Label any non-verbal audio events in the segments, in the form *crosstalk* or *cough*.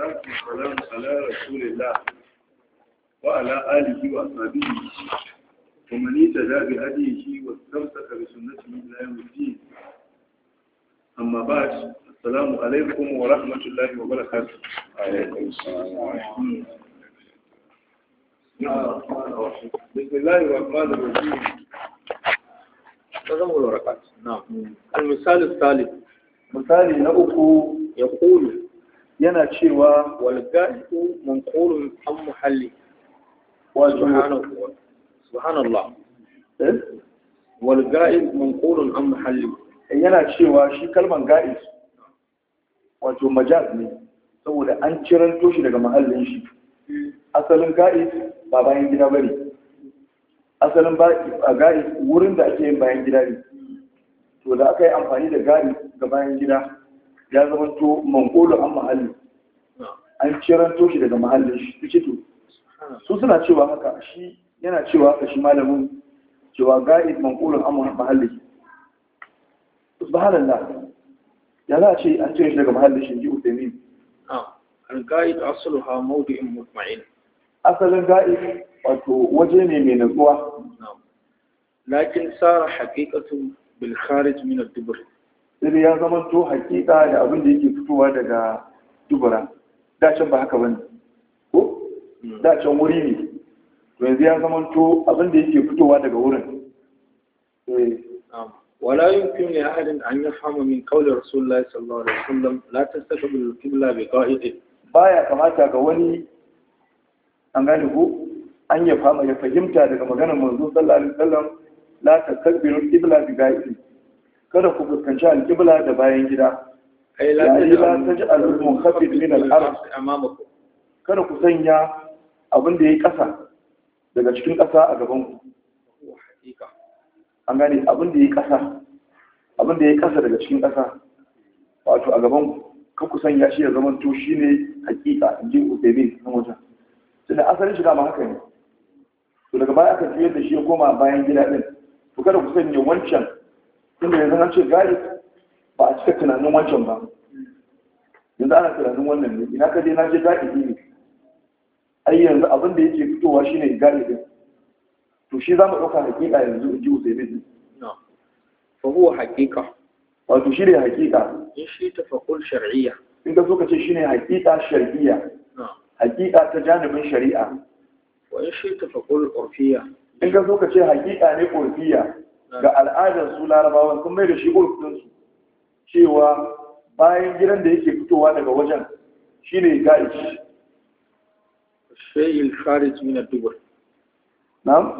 والصلاة والسلام على رسول الله وعلى آله وأصحابه ومن اهتدى بهديه واستمسك بسنته إلى يوم الدين أما بعد السلام عليكم ورحمة الله وبركاته وعليكم السلام ورحمة الله بسم الله الرحمن الرحيم تزموا الورقات نعم المثال الثالث مثالي نأكو يقول yana cewa walgahidu manqulun an muhalli wa subhanallah eh? walga'id manqulun an muhalli eh, yana cewa shi kalman ga'id wato majaz ne saboda an ciran toshi daga mahallin shi asalin ga'id ba bayan gida bane asalin ga'id wurin da ake yin bayan gida ne to da aka yi amfani da ga'id ga bayan gida ya zama to mangolo an mahalli an kiran shi daga mahallin shi suke to su suna cewa haka shi yana cewa haka shi malamin cewa ga'id mangolo an mahalli subhanallah ya za a ce an cire shi daga mahallin shi ji utaimin al-ga'id asluha mawdi'in mutma'in asalin ga'id wato waje ne mai nutsuwa lakin sara haqiqatu bil kharij min ad-dubr sai ya zama to hakika da abin da yake fitowa daga dubura dacin ba haka bane ko dacin wuri ne to yanzu ya zama to abin da yake fitowa daga wurin eh. wala yumkin li ahadin an yafhamu min qawli rasulullahi sallallahu alaihi wasallam la tastaqbilu qibla bi qa'idin baya kamata ga wani an gane ko an ya ya fahimta daga maganar manzo sallallahu alaihi wasallam la tastaqbilu qibla bi qa'idin kada ku fuskanci alƙibla da bayan gida ta ji kafin kada ku sanya abin da ya yi ƙasa daga cikin ƙasa a gaban ku an gane abin da ya yi ƙasa abin da ya yi ƙasa daga cikin ƙasa wato a gaban ku kan ku sanya shi ya zama to shi ne hakika in ji ubemin na wajen tunda asalin shiga ma haka ne to daga baya aka fiye da shi ya koma bayan gida ɗin to kada ku sanya wancan inda yanzu an ce gari ba a cika tunanin wancan ba yanzu ana tunanin wannan ne ina ka je na ce gari ne ai yanzu abin da yake fitowa shine gari din to shi za mu ɗauka hakika yanzu in ji usaimin fa huwa hakika wato shi ne hakika in shi tafakul shar'iyya in ka so ka ce shi ne hakika shar'iyya hakika ta janibin shari'a wa in shi tafakul urfiyya in ka so ka ce hakika ne urfiyya ga al'adar su larabawan sun mai da shi urfin su cewa bayan gidan da yake fitowa daga wajen shine ga'ici shay'il kharij min ad-dubur na'am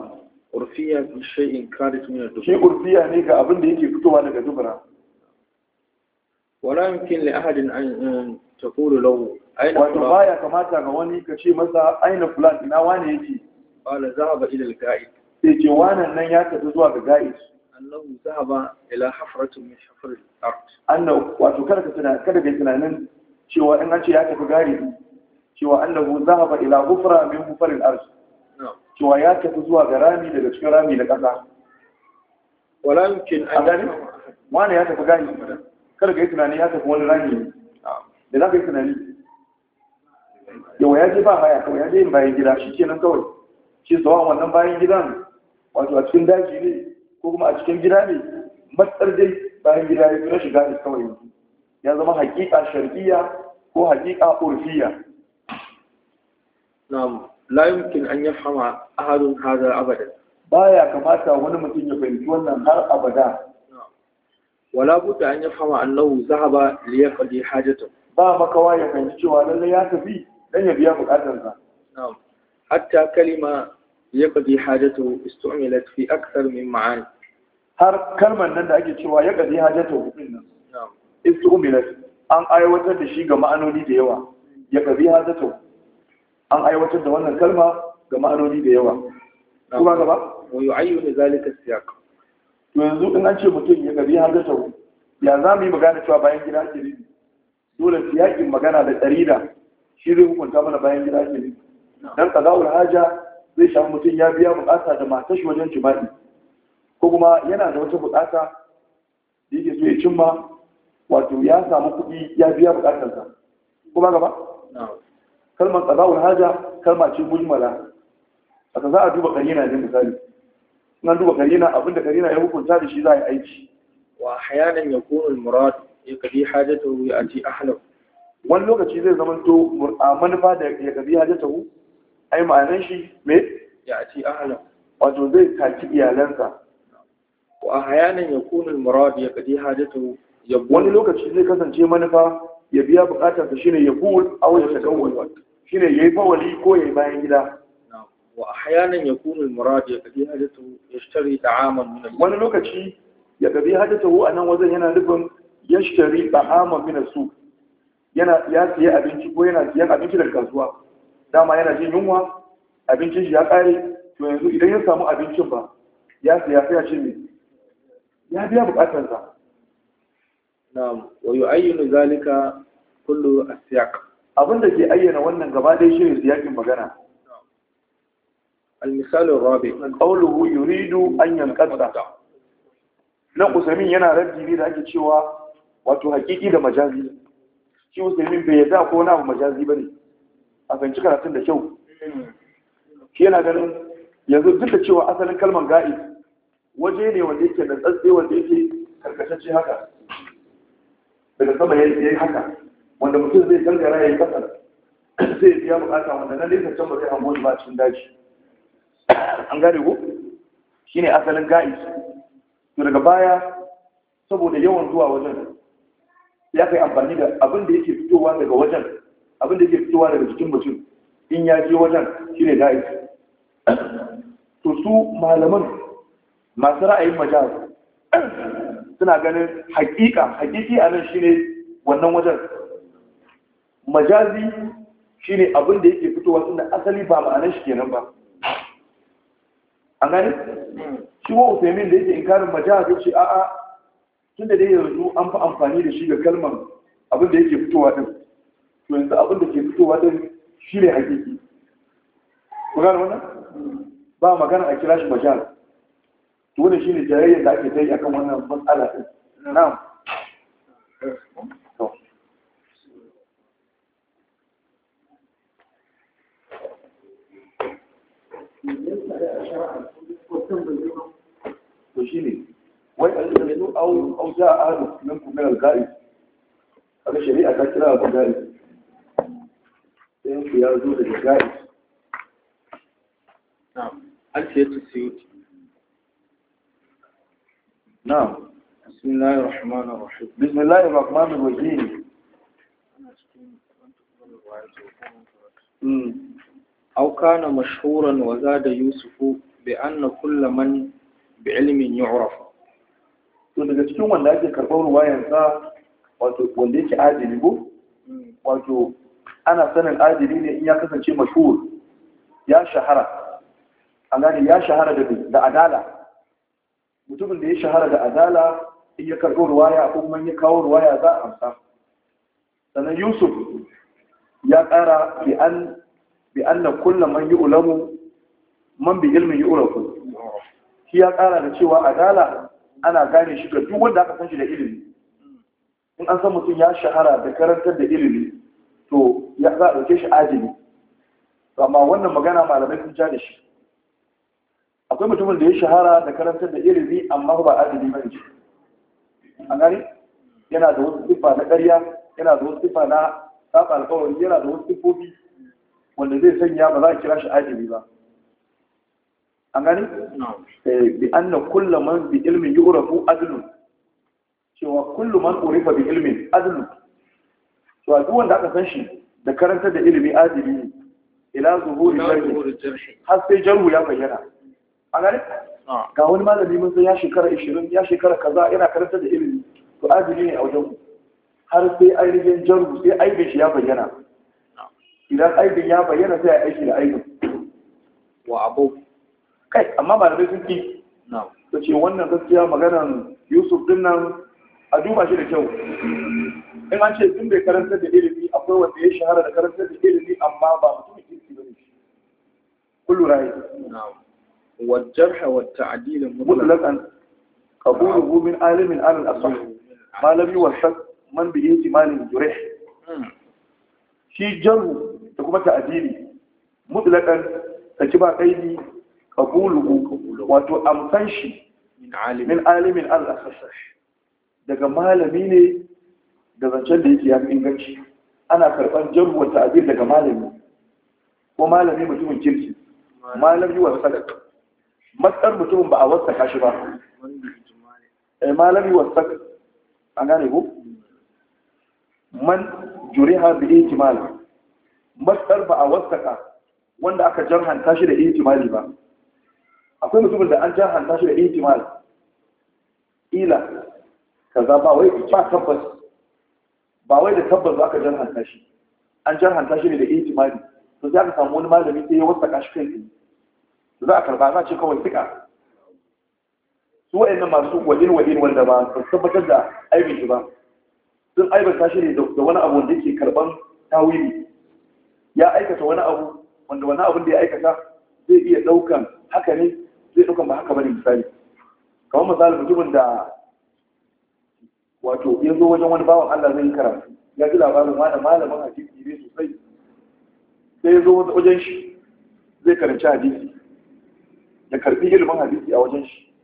urfiya shay'in kharij min ad-dubur shi urfiya ne ga abin da yake fitowa daga dubura wala yumkin li ahadin an um, taqulu law aina wa baya kamata ga wani ka ce masa aina fulan ina wani yake qala zahaba ila al-ga'id sai ce wannan nan ya tafi zuwa ga ga'is annahu zaba ila hafratin min hafril ard annahu wato kada ka tuna kada ka tunanin cewa in an ce ya tafi gari cewa annahu zaba ila hufra min hufril ard cewa ya tafi zuwa ga rami daga cikin rami na kasa walakin yumkin an gani wani ya tafi gari kada ka yi tunani ya tafi wani rami da za ka yi tunani yawa ya je ba haya kawai ya je yin bayan gida shi kenan kawai shi zuwa wannan bayan gidan wato a cikin daji ne ko kuma a cikin gida ne matsar dai bayan gida ya fi shiga ne kawai ya zama hakika shar'iyya ko hakika urfiya na'am la yumkin an yafhama ahadun hada abada baya kamata wani mutum ya fahimci wannan har abada wala buta an yafhama annahu zahaba li yaqdi hajatahu ba makawa ya fahimci cewa lalle ya tafi dan ya biya bukatarsa na'am hatta kalima yaqdi hajatu istu'milat fi akthar min ma'ani har kalmar nan da ake cewa yaqdi hajatu din nan istu'milat an aiwatar da shi ga ma'anoni da yawa yaqdi hajatu an aiwatar da wannan kalma ga ma'anoni da yawa kuma gaba wa yu'ayyinu zalika siyaq to yanzu in an ce mutum ya gabi hajatu ya za mu yi magana cewa bayan gida ake nufi dole siyaƙin magana da ɗarida shi zai hukunta mana bayan gida dan qada'ul haja zai shafi mutum ya biya bukata da matar shi wajen jima'i ko kuma yana da wata bukata da yake so ya cimma wato ya samu kuɗi ya biya bukatarsa ko ba gaba kalmar qada'ul haja kalma ce a aka za a duba karina ne misali in duba karina abinda karina ya hukunta da shi za a yi aiki wa hayanan ya al-murad yaqdi hajatahu ya'ti ahlahu wani lokaci zai zama to manufa da ya hajjata hajatahu ai ma'anan shi me ya ci wato zai taki iyalansa wa murad wani lokaci zai kasance manufa ya biya bukatar sa shine yaqul aw yatadawwal shine yayi fawali ko yayi bayan gida wa ahyanan yakunu al-murad min wani lokaci ya gabi hajjatahu a nan wajen yana nufin ya shari min su yana ya siya abinci ko yana siyan abinci daga kasuwa dama yana jin yunwa abincin shi ya kare, to yanzu idan ya samu abincin ba ya siya sai ya ce ne ya biya sa na'am wa yu'ayyinu zalika kullu asyaq abin da ke ayyana wannan gaba dai shi ne siyakin magana المثال الرابع قوله يريد أن ينقطع nan usamin yana raddi ne da ake cewa wato hakiki da majazi shi usaimin bai yadda ko na majazi ba ne a fahimci karatun da kyau shi yana ganin yanzu duk da cewa asalin kalmar ga'i waje ne wanda yake da tsatsi wanda yake karkatacce haka daga sama ya yi haka wanda mutum zai gangara ya yi kasa zai biya bukata wanda na nesa can ba zai hango ba cikin daji an gane ko shine asalin ga'i to daga baya saboda yawan zuwa wajen ya kai amfani da abin da yake fitowa daga wajen abin da ke fitowa daga jikin mutum in ya je wajen shine aiki to su malaman masu ra'ayin majaz suna ganin hakika hakiki a nan shine wannan wajen majazi shine abin da yake fitowa da asali ba ma'anar shi kenan ba an gani shi wa usaimin da yake inkarin majaz shi a'a a'a da dai yanzu an fi amfani da shi ga kalmar abin da yake fitowa din yanzu abin da ke fitowa din shi ne hakiki ku gane wannan ba magana a kira shi majal to wannan shi ne jayayyar da ake tayi akan wannan matsala din na'am to shi ne wai al'adu au ja a hannun kuma al-ga'ib a shari'a ta kira al-ga'ib ɗayansu ya zo daga ga'i alfiyatu suyuti na'am bismillahir rahmanir rahim bismillahir rahmanir rahim أو كان مشهورا وزاد يوسف بأن كل من بعلم يعرف to daga cikin wanda ake karɓar ruwayansa wato wanda yake adili ko hmm. wato ana sanin adili ne in ya kasance mashhur ya shahara an gane ya shahara da adala mutumin da ya shahara da adala in ya karɓo ruwaya ko kuma ya kawo ruwaya za a amsa sannan yusuf ya ƙara bi an na kullum man yi ulamu man bi ilmin yi ulamu shi ya ƙara da cewa adala ana gane shi ga duk wanda aka san shi da ilimi in an san mutum ya shahara da karantar da ilimi to ya za a ɗauke shi To amma wannan magana malamai sun ja da shi akwai mutumin da ya shahara da karantar da irizi amma ba adili ba ne an gani yana da wasu siffa na ƙarya yana da wasu siffa na saba alƙawari yana da wasu siffofi wanda zai sanya ba za a kira shi adili ba an gani eh, bi an na man bi ilmin urafu adlun cewa kullum man urifa bi ilmin adlun to wanda aka san shi da karanta da ilimi adili ne ila zuhuri jarhi har sai jarhu ya bayyana a gane ah. ga wani malami mun san ya shekara 20 ya shekara kaza yana karanta da ilimi to adili ne a wajen har sai ainihin jarhu sai aibin shi ya bayyana ah. idan aibin ya bayyana sai a aiki da aibin wa abu kai amma malamai sun ki ta ce wannan gaskiya maganan yusuf din nan a duba shi da kyau in an ce in bai karantar da ilimi akwai wanda ya shahara da karantar da ilimi amma ba mutum kirki ba ne hmm. shi kullu rai والجرح والتعديل مطلقا min من عالم على الأصح ما لم man من باحتمال جرح shi jaru da kuma ta'adili mutlakan ta ci ba kaidi qabuluhu wato amsan shi min alimin al daga malami ne da zancen da yake ya fi inganci ana karɓar jarruwar ta'azir daga malami ko malami mutumin kirki malami wa sadaka matsar mutumin ba a wasa shi ba eh, malami wa sadaka an gane ko man juriha bi ijmal matsar ba a ka wanda aka jarhanta shi da ijmali ba akwai mutumin da an jarhanta shi da ihtimal ila kaza ba wai ba tabbas ba wai da tabbas aka jarhanta shi an jarhanta shi ne da ihtimali to sai aka samu wani malami sai ya wasaka shi kai to za a karba za a ce kawai sika su wa'annan masu wajen-wajen wanda ba su tabbatar da aibin shi ba sun aibata shi ne da wani abu wanda yake karban tawili ya aikata wani abu wanda wani abu da ya aikata zai iya daukan haka ne zai daukan ba haka bane misali kamar misali mutumin da wato ya zo wajen wani bawan Allah zai yi karatu ya ji labarin wani malamin hadisi ne sosai sai ya zo wajen shi zai karanci hadisi da karbi ilimin hadisi a wajen shi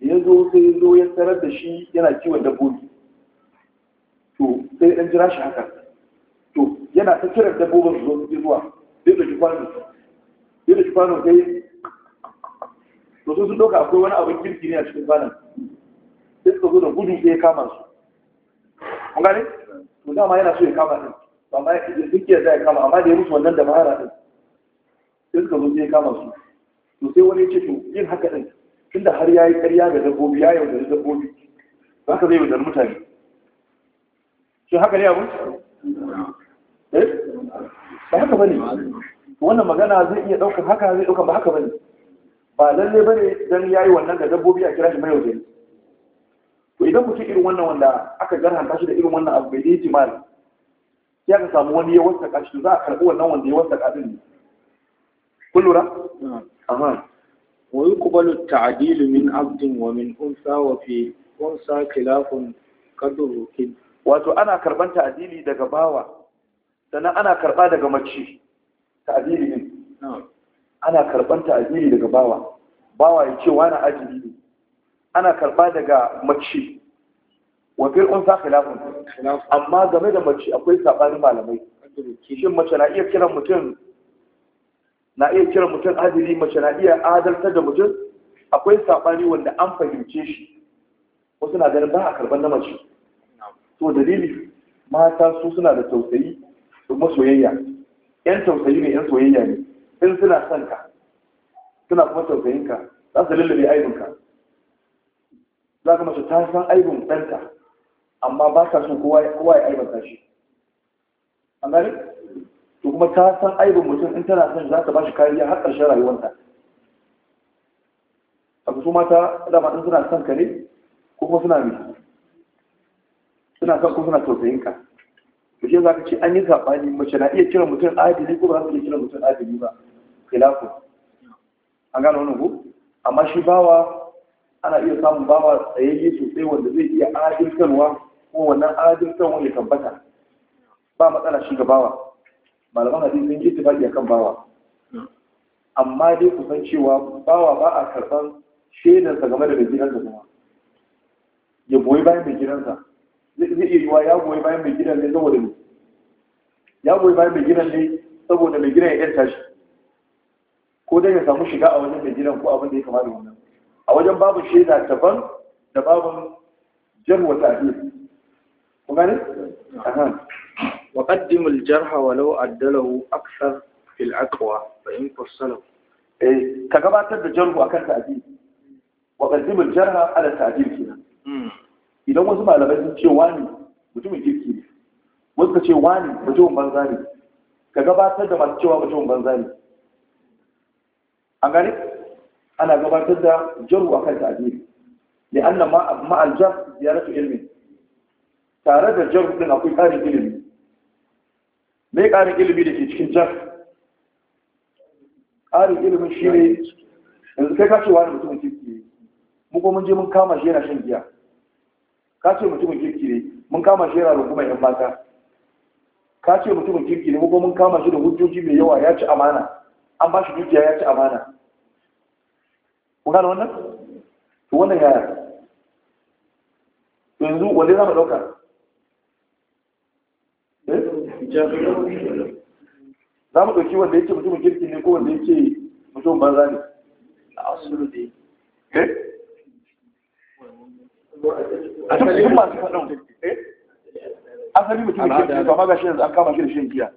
da ya zo sai ya zo ya tarar da shi yana kiwon dabbobi to sai dan jira shi haka to yana ta kiran dabbobin su zo su zuwa sai da kwano sai da kwano sai to sun doka akwai wani abin kirki ne a cikin kwanan sai suka zo da gudu sai ya kama su kun gane to dama yana so ya kama din amma ya kije duk ya zai kama amma da ya musu wannan da mahara din sai suka zo ya kama su to sai wani ya ce to yin haka din tunda har yayi ƙarya ga dabbobi ya yaudari dabbobi za ka zai yaudari mutane shi haka ne abu eh ba haka ba ne? wannan magana zai iya ɗaukar haka zai ɗaukar ba haka ba ne? ba ba ne don ya yi wannan ga dabbobi a kira shi mai yaudari idan mutum irin wannan wanda aka hanta shi da irin wannan abu bai yi jimal ya ka samu wani ya wasa kashi za a karɓi wannan wanda ya wasa kashi ne kun lura aha wa yuqbalu ta'adilu min abdin wa min unsa wa fi unsa khilafun qadru rukin wato ana karban ta'adili daga bawa sannan ana karba daga mace ta'adili ne ana karban ta'adili daga bawa bawa ya ce wani ajili ne ana karba daga mace wafil unsa khilafun amma game da mace akwai sabanin malamai shin mace na iya kiran mutum na iya kiran mutum adili mace na iya adaltar da mutum akwai sabani wanda an fahimce shi wasu na ganin ba a karban na mace to dalili mata su suna da tausayi su masoyayya yan tausayi ne yan soyayya ne in suna son ka suna kuma tausayin ka za su lullube aibinka za ka mace ta san aibin ɗanta amma ba ka sun kowa ya aibata shi an gani to kuma ta san aibin mutum in tana son za ta ba shi kariya har ƙarshen rayuwarta a su mata dama ɗin suna son ka ne ko kuma suna mai suna son ko suna tausayin ka to shi za ka ce an yi zaɓani mace na iya kiran mutum adili ko ba za su iya kiran mutum adili ba khilafu an gano wani ku amma shi bawa ana iya samun bawa tsayayye sosai wanda zai iya adilkarwa ko wannan adalcin wani tabbata ba matsala shi ga bawa malaman hadisi sun yi tafaki akan bawa amma dai ku san cewa bawa ba a karɓar shaidarsa game da mai gidansa kuma ya goyi bayan mai gidansa zai iya yiwa ya goyi bayan mai gidan ne saboda ne ya goyi bayan mai gidan ne saboda mai gidan ya yanta shi ko dai ya samu shiga a wajen mai gidan ko abin da ya kama da wannan a wajen babu shaida daban da babu jarwata wata gane? aha wa qaddimul jarha walau aksar fil aqwa fa in ka gabatar da jarhu akan ta'dil wa qaddimul jarha idan wasu malamai sun ce wani mutumin kirki ne wasu ka ce wani mutumin banza ne ka gabatar da masu cewa mutumin banza ne an ana gabatar da jarhu akan ta'dil لأن مع الجر زيارة علم tare da jar din akwai ƙarin ilimi mai ƙarin ilimi da ke cikin jar ƙarin ilimin shi ne yanzu kai kace wani mutumin kirkire mu ko mun je mun kama shi yana shan giya kace mutumin kirkire mun kama shi yana rungumar yan mata kace mutumin kirkire mu kuma mun kama shi da hujjoji mai yawa ya ci amana an ba shi dukiya ya ci amana kun gane wannan to wannan yaya yanzu wanda za mu ɗauka za mu ɗauki wanda yake mutumin kirki ne ko wanda yake mutum banza ne a eh? cikin masu faɗin eh? asali mutumin kirki ba ma shi yanzu an kama shi da shan giya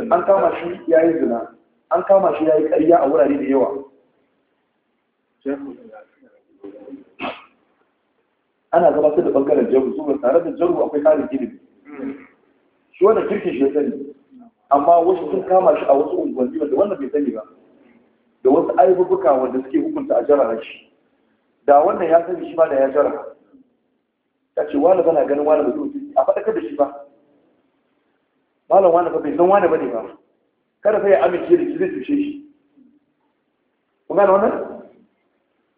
an kama shi ya yi zina an kama shi ya yi ƙarya a wurare da yawa ana gabatar da ɓangaren jaru su tare da jaru akwai karin gini shi wannan kirkin shi ya sani amma wasu sun kama shi a wasu unguwanni wanda wannan bai sani ba da wasu aibubuka wanda suke hukunta a jara shi da wannan ya sani shi ma da ya jara Ya ce wani bana ganin wani mutum a faɗakar da shi ba malam wani ba bai san wani ba ne ba kada sai ya amince da shi zai tushe shi kun gane wannan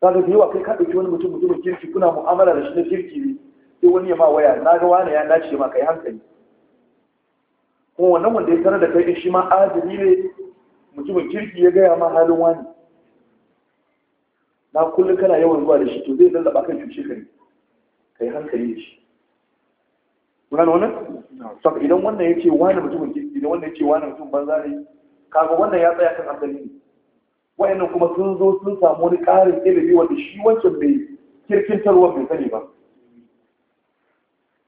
za ka yawa kai ka ɗauki wani mutum mutumin kirki kuna mu'amala da shi na kirki ne sai wani ya ma waya na ga wani ya dace ma kai hankali kuma wannan wanda ya sanar da kai shi ma azumi ne mutumin kirki ya gaya ma halin wani na kullum kana yawan zuwa da shi to zai lallaba kan cuce ka ne kai hankali shi kuna da wannan saka idan wannan ya ce wani mutumin kirki idan wannan ya ce wani mutum banza ne kaga wannan ya tsaya kan asali ne wa'annan kuma sun zo sun samu wani ƙarin ilimi wanda shi wancan bai kirkin tarwa bai sani ba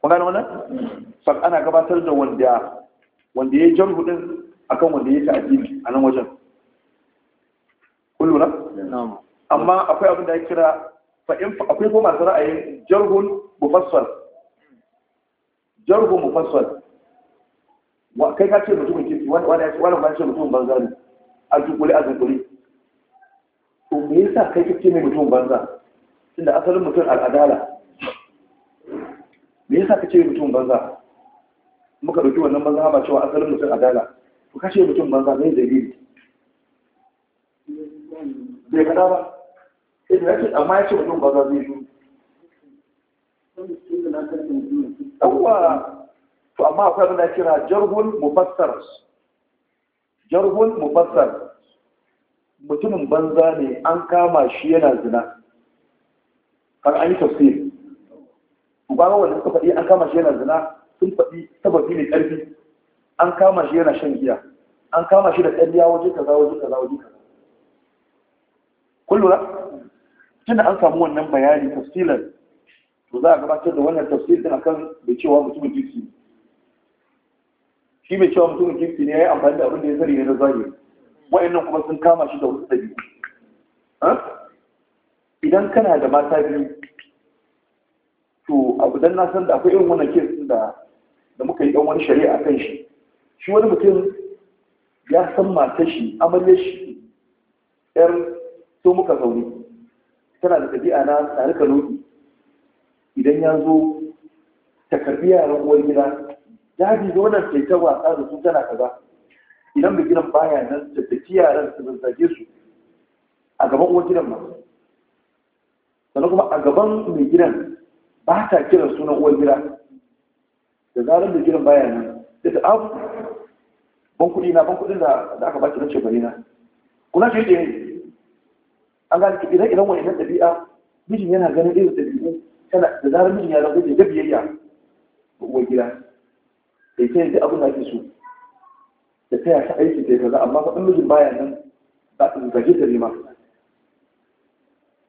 Kuma gane wannan sak ana gabatar da wanda wanda ya yi jarhu din akan wanda ya yi ta'adili a nan wajen kullum amma akwai abin da ya kira akwai kuma masu ra'ayin jarhun mufassal jarhun mufassal kai ka ce mutumin kirki wani ya ce wani ba ce mutumin banza ne a jukuli a jukuli to me yasa kai kake mai mutumin banza tunda asalin mutum al'adala me yasa kace mutumin banza muka ɗauki wannan banza ba cewa asalin mutum adala to kashe mutum banza zai dalili bai kada ba sai eh, da amma ya ce mutum banza zai yi yawwa to amma akwai abin da kira jarhul mufassar jarhul mufassar mutumin banza ne an kama shi yana zina har an yi tafsir ba wanda suka faɗi an kama shi yana zina sun faɗi sababi mai ƙarfi an kama shi yana shan giya an kama shi da ƙarya waje kaza waje kaza waje kaza kullum tunda an samu wannan bayani tafsilan to za a gabatar da wannan tafsir din akan bai cewa mutumin kirki shi bai cewa mutumin kirki ne ya yi amfani da abin da ya zari ne na zahiri wa'annan kuma sun kama shi da wasu ɗabi'u idan kana da mata biyu to abu dan na san da akwai irin wannan kesin da da muka yi wani shari'a kan shi shi wani mutum ya san mata shi amarya shi yar so muka zaune tana da ɗabi'a na tsari nufi idan ya zo ta karbi yaran uwar gida daji da wannan sai ta wasa da su tana kaza idan bai baya nan ta tafi yaran su zage su a gaban uwar gidan ma sannan kuma a gaban mai gidan ba ta kiran sunan uwar gida da zarar da gidan baya nan sai ta abu ban kuɗi na ban kuɗi da aka baki na bari na kuna ce yi. an gane idan idan wani nan ɗabi'a mijin yana ganin irin ɗabi'u kana da zarar mijin ya rago da biyayya ga uwar gida bai ta yadda abin da ake so da ta yasa aiki ta yi kaza amma faɗin mijin baya nan za ta gaje ta nema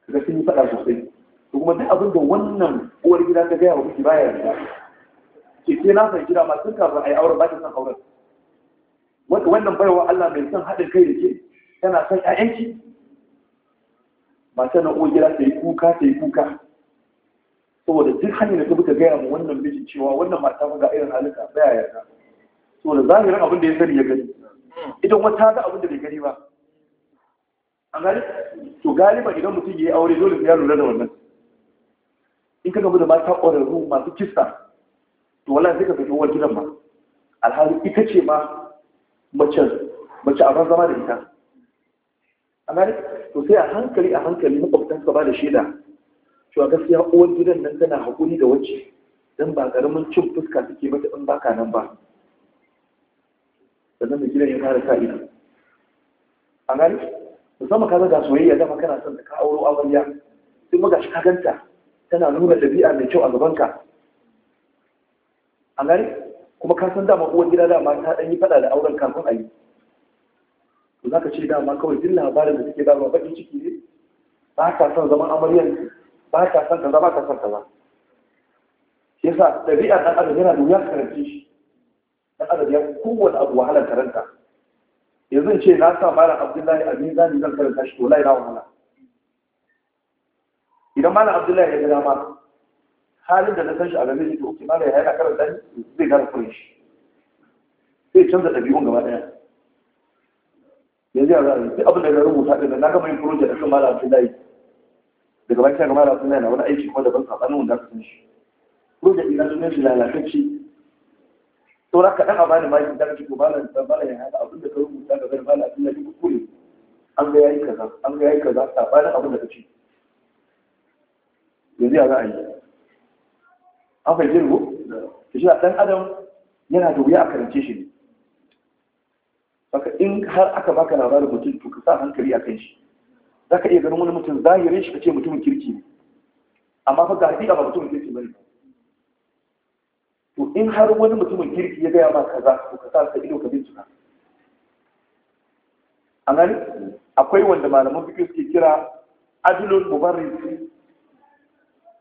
ga sun yi faɗa sosai kuma duk abin da wannan uwar gida ta gaya wa miji baya nan ke sai na san gida ma tun kafin a yi auren ba ta san auren wanda wannan baiwa Allah mai son haɗin kai da ke tana son ƴaƴanki matan na ogira ta yi kuka ta yi kuka saboda duk hanyar da ta buka gaya mu wannan mijin cewa wannan mata ga irin halitta baya yarda saboda zahirin abin da ya sani ya gani idan wata ga abin da bai gani ba an gani to galiba idan mutum ya yi aure dole ya lura da wannan in ka gamu da mata ƙwararru masu kista to wallahi sai ka uwar gidan ma alhali ita ce ma mace mace a zama da ita a to sai a hankali a hankali makwabtan ka ba da shaida cewa gaskiya uwar gidan nan tana hakuri da wacce dan ba karamin cin fuska take mata in baka nan ba sannan da gidan ya fara sa ido a gani musamman ka ga soyayya dama kana son ka auro amarya sai maga shi ka ganta tana nuna ɗabi'a mai kyau a gabanka A gari, kuma ka san dama uwar gida dama ta ɗan yi faɗa da auren kafin a yi to za ka ce dama kawai duk labarin da take dama baƙin ciki ne ba ka son zaman amaryar ba ka son kaza ba ka san kaza shi yasa ɗabi'ar ɗan adam yana da wuya karanci shi ɗan adam ya kowane abu wahalar karanta yanzu ce na sa malam abdullahi a mizani zan karanta shi to lai na wahala idan malam abdullahi ya ga dama halin da na san shi a game da ke mara yana karanta ni zai gane kurin shi sai canza ɗabi'un gaba ɗaya yanzu yanzu a duk abin da na rubuta ɗin da na gama yin furoje da kan malam Abdullahi daga bakin ga malam Abdullahi na wani aiki kuma daban saɓanin wanda aka san shi furoje ɗin na sunan shi lalatacce to na kaɗan a bani maki da kake malam da malam ya haɗa abin da ka rubuta daga kan malam Abdullahi ku kure an ga yayi kaza an ga yayi kaza sabanin abin da kace yanzu yanzu a yi an fahimci rubu shi da ɗan adam yana da wuya a karance shi ne baka in har aka baka labarin mutum to ka sa hankali akan shi za ka iya ganin wani mutum zahirin shi ka ce mutumin kirki ne amma fa gafi a ba mutumin kirki bane to in har wani mutumin kirki ya gaya ma kaza to ka sa ka ido ka bincika an gani akwai wanda malaman bikin suke kira adilun mubarrin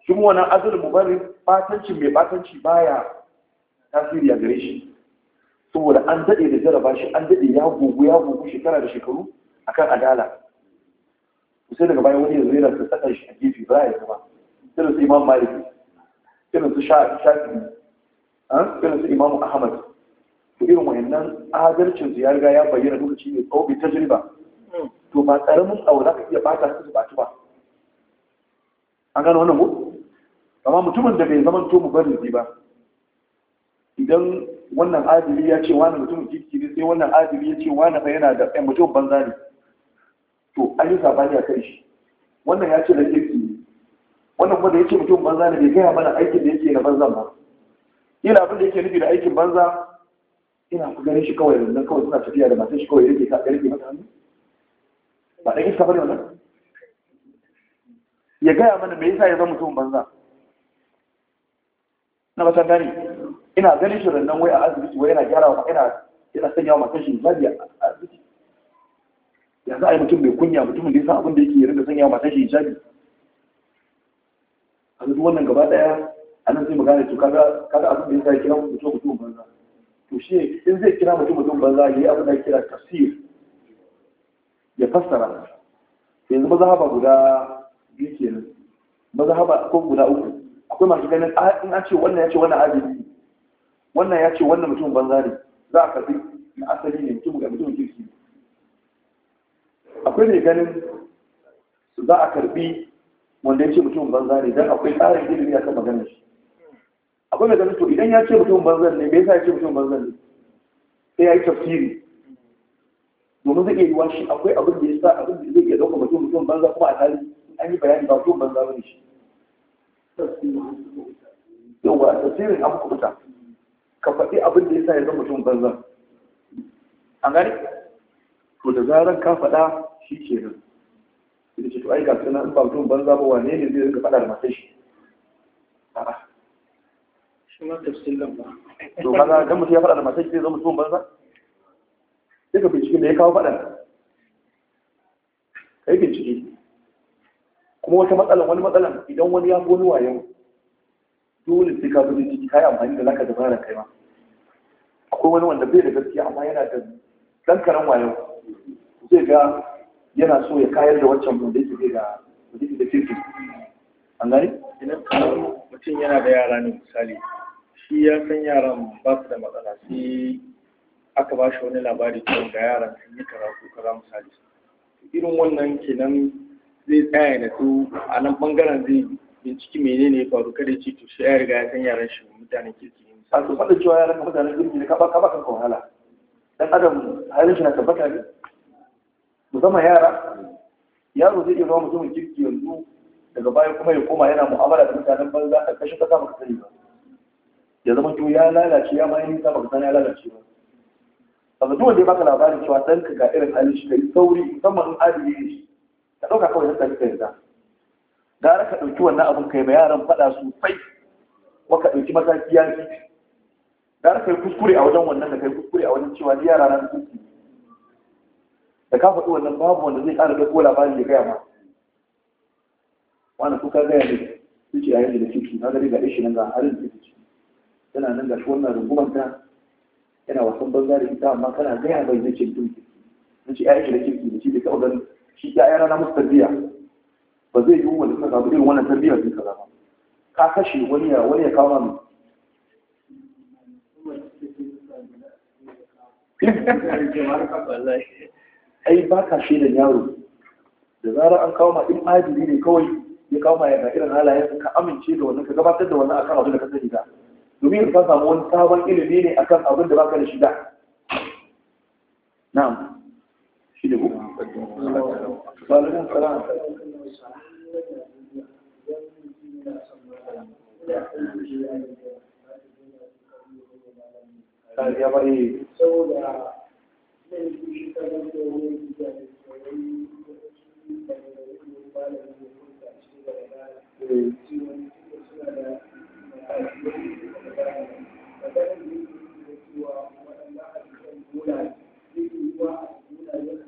kuma wannan mu bari batanci mai batanci baya tasiri a gare shi saboda an dade da jaraba shi an dade ya gugu ya gugu shekara da shekaru akan adala sai daga bayan wani yanzu yana saka shi a gefe ba ya zama irin su imam malik irin su shafi ah, irin su imam ahmad to irin wayannan adalcin su ya riga ya bayyana lokaci mai tsawo bai tajriba hmm. to ba karamin tsawo za ka iya bata su ba ci ba an gano wannan mutu amma mutumin da bai zama to mu bari ba idan wannan adili ya ce wani mutum kirki ne sai wannan adili ya ce wani fa yana da ɗan mutum banza ne to an yi sabani a kai shi wannan ya ce da kirki ne wannan kuma da ya ce mutum banza ne bai gaya mana aikin da yake na banzan ba ina abin da yake nufi da aikin banza ina ku ganin shi kawai nan kawai suna tafiya da matan shi kawai yake ka rike mata hannu ba da iska ba wannan ya gaya mana me yasa ya zama mutum banza na ba gani ina ganin shi rannan wai a asibiti wai yana gyara wa ina yana sanya wa matan shi hijabi a asibiti yanzu yi mutum mai kunya mutumin da ya san abin da yake rinka sanya wa matan shi hijabi a duk wannan gaba daya a nan sai mu gane to kaga kaga abin da ya kira mutum mutum banza to shi in zai kira mutum mutum banza ya abin da kira tafsir ya fassara yanzu mazhaba guda biyu kenan mazhaba ko guda uku akwai masu ganin ah, in an ce wannan ya ce wannan adalci wannan ya ce wannan mutum banza ne za a karbi na asali ne mutum ga mutum kirki akwai mai ganin za a karbi wanda ya ce mutum banza ne don akwai tsarin jirgin a kan magana. shi akwai mai ganin to idan ya ce mutum banza ne bai sa ya ce mutum banza ne sai ya yi tafsiri domin zai iya yi shi akwai abin da ya sa abin da zai iya ɗauka mutum mutum banza kuma a tarihi an yi bayani ba mutum banza ba ne shi yawa tasirin an kubuta ka faɗi abin da ya sa ya zama mutum banzan an gani to da zarar ka faɗa shi ke nan da ce to ai gasu na in ba mutum banza ba wane ne zai rika faɗa da matan shi a'a shi ma tafsirin ba to maza dan mutum ya faɗa da matan shi zai zama mutum banza sai ka bincike me ya kawo faɗa kai bincike kuma wata matsalan wani matsalan idan wani ya goni wayo dole sai ka zuci ciki kai amfani da laka bara kai ma akwai wani wanda bai da gaskiya amma yana da dan karan wayo zai ga yana so ya kayar da wancan da yake da yake da kirki an gani idan mutum yana da yara ne misali shi ya san yaran ba su da matsala sai aka ba shi wani labari cewa ga yaran sun yi karatu kaza misali irin wannan kenan zai tsaya da su a nan bangaren zai binciki menene ya faru kada ce to shi ya riga ya san yaran shi mutanen kirki ne a to fada cewa yaran mutanen kirki ne kaba kaba kan wahala dan adam halin shi na tabbata ne musamman yara yaro zai iya zama mutumin kirki yanzu daga baya kuma ya koma yana mu'amala da mutanen banza a kashin kasa baka sani ba ya zama to ya lalace ya ma yi nisa baka sani ya lalace ba A zato wanda ya baka labarin cewa ɗanka ga irin halin shi kai sauri musamman in adili ne shi ka ɗauka kawai yadda kika yarda gara ka ɗauki wannan abin kai ma yaran faɗa sosai ko ka ɗauki mataki ya fi gara ka yi kuskure a wajen wannan da ka yi kuskure a wajen cewa ni yara na kuskure da ka faɗi wannan babu wanda zai ƙara ɗauko labari ya gaya ma wani kuka gaya ne su ce yayin da ciki na gari ga ishi nan ga halin da ciki yana nan ga shi wannan rungumar ta yana wasan banza da ita amma kana gaya mai zai ce mutum na ce shi da ciki da shi da taɓa ganin shi ya yana musu tarbiyya ba zai yi wani suka samu irin wannan tarbiyya zai kaza ba ka kashe wani ya wani ya kawo mu ai ba ka shi da yaro da zarar an kawo ma in adili ne kawai ya kawo ma ya ga irin halayen ka amince da wannan ka gabatar da wannan akan abin da ka sani da domin ka samu wani sabon ilimi ne akan abin da baka da shi da na'am Salamun salam. Ya bari. Saboda Thank you.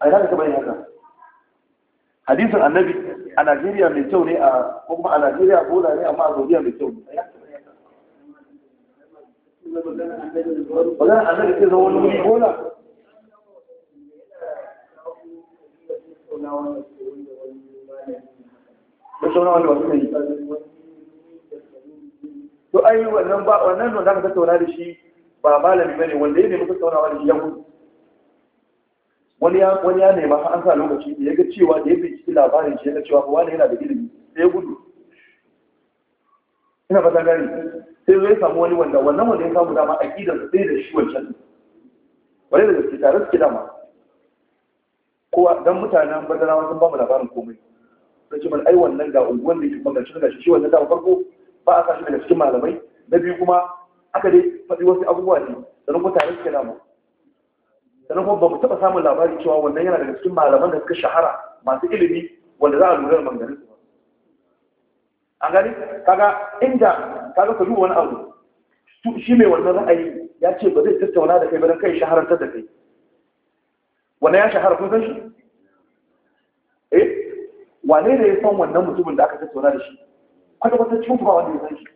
a yana da haka hadisin annabi a najeriya mai kyau ne a kuma a najeriya bola ne amma a saudiya mai kyau wadanda annabi ke zama wani wuri bola tattauna wani wasu yi to ai wannan ba wannan da za ka tattauna da shi ba malami bane wanda ya nemi tattaunawa da shi ya wani ya wani ya nema har an sa lokaci da ya ga cewa da ya cikin labarin shi ya ga cewa wani yana da ilimi sai ya gudu ina fata gari sai zai samu wani wanda wannan wanda ya samu dama aqidar sa sai da shi wancan wani da gaske tare suke dama kowa dan mutanen badarawa sun ba mu labarin komai sai ce mai ai wannan ga unguwan da ke magance da shi wannan da farko ba a sa shi daga cikin malamai na biyu kuma aka dai faɗi wasu abubuwa ne da kuma tare suke dama sannan kuma ba mu taɓa samun labari cewa wannan yana daga cikin malaman da suka shahara masu ilimi wanda za a lura da manganin su a gani kaga inda kaga ka duba wani abu shi mai wannan ra'ayi ya ce ba zai tattauna da kai ba don kai shaharar ta da kai wannan ya shahara kun san shi eh wane ne ya san wannan mutumin da aka tattauna da shi kwata wata cikin ba wanda ya san shi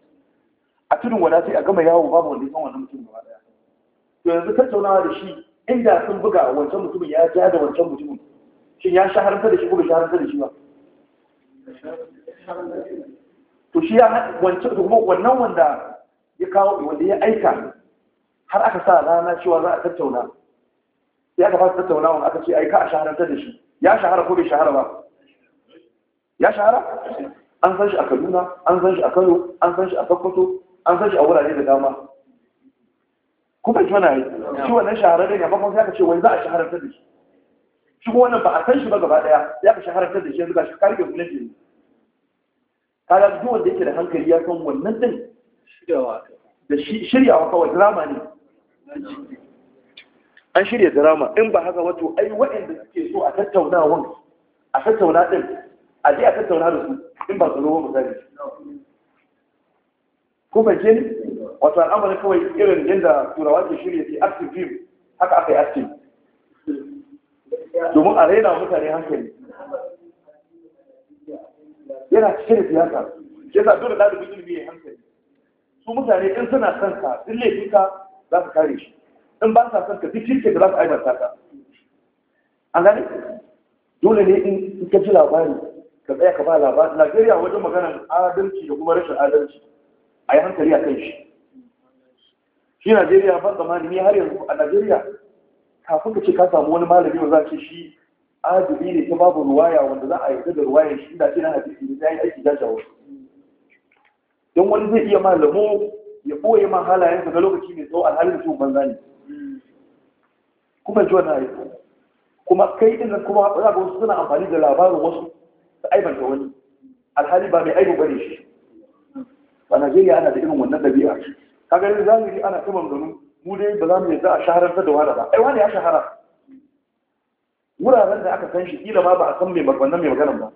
a tudun wada sai a gama yawo babu wanda ya san wannan mutumin da gaba daya to yanzu tattaunawa da shi inda sun buga wancan mutumin ya ja da wancan mutumin shin ya shahararta da shi ko bai shahararta da shi ba to shi ya wancan to kuma wannan wanda ya kawo wanda ya aika har aka sa rana cewa za a tattauna ya ka fasa tattauna wanda aka ce aika a shaharanta da shi ya shahara ko bai shahara ba ya shahara an san shi a kaduna an san shi a kano an san shi a sokoto an san shi a wurare da dama kuma shi wani shi wannan shahararren ya makon ya ka ce wai za a shahararta da shi shi kuma wannan ba a san shi ba gaba daya ya ka shahararta da shi yanzu ga shi karfe sunan ne. kaga duk wanda yake da hankali ya san wannan din da shiryawa kawai drama ne an shirya drama in ba haka wato ai waɗanda suke so a tattaunawan a tattauna din a je a tattauna da su in ba su zo misali ko ba ke ne wato al'amari kawai irin yadda turawa ke shirya ce active view haka aka yi active domin a raina mutane hankali yana cikin da siyasa ya sa dole ɗalibin ilimi ya hankali su mutane in suna son ka duk laifin ka za su kare shi in ba sa son ka duk shirke da za su aibar ka an gani dole ne in ka ji labari ka tsaya ka ba labari najeriya wajen maganar adalci da kuma rashin adalci a yi hankali a kan shi shi najeriya ba zamani ne har yanzu a najeriya kafin ka ce ka samu wani malami wanda za ce shi adili ne ta babu ruwaya wanda za a yi da ruwaya shi inda ce na hadisi ne ta yi aiki wasu don wani zai iya malamu ya koye ma halayensa na lokaci mai tsawo alhalin su banza ne kuma ji wannan aiki kuma kai din nan kuma za ga wasu suna amfani da labarin wasu su aibanta wani alhali ba mai aibu bane shi ba najeriya ana da irin wannan ɗabi'a kaga yanzu zahiri ana ta maganganu mu dai ba za mu yadda a shaharantar da wani ba ai wani ya shahara wuraren da aka san shi kila ma ba a san mai wannan mai maganan ba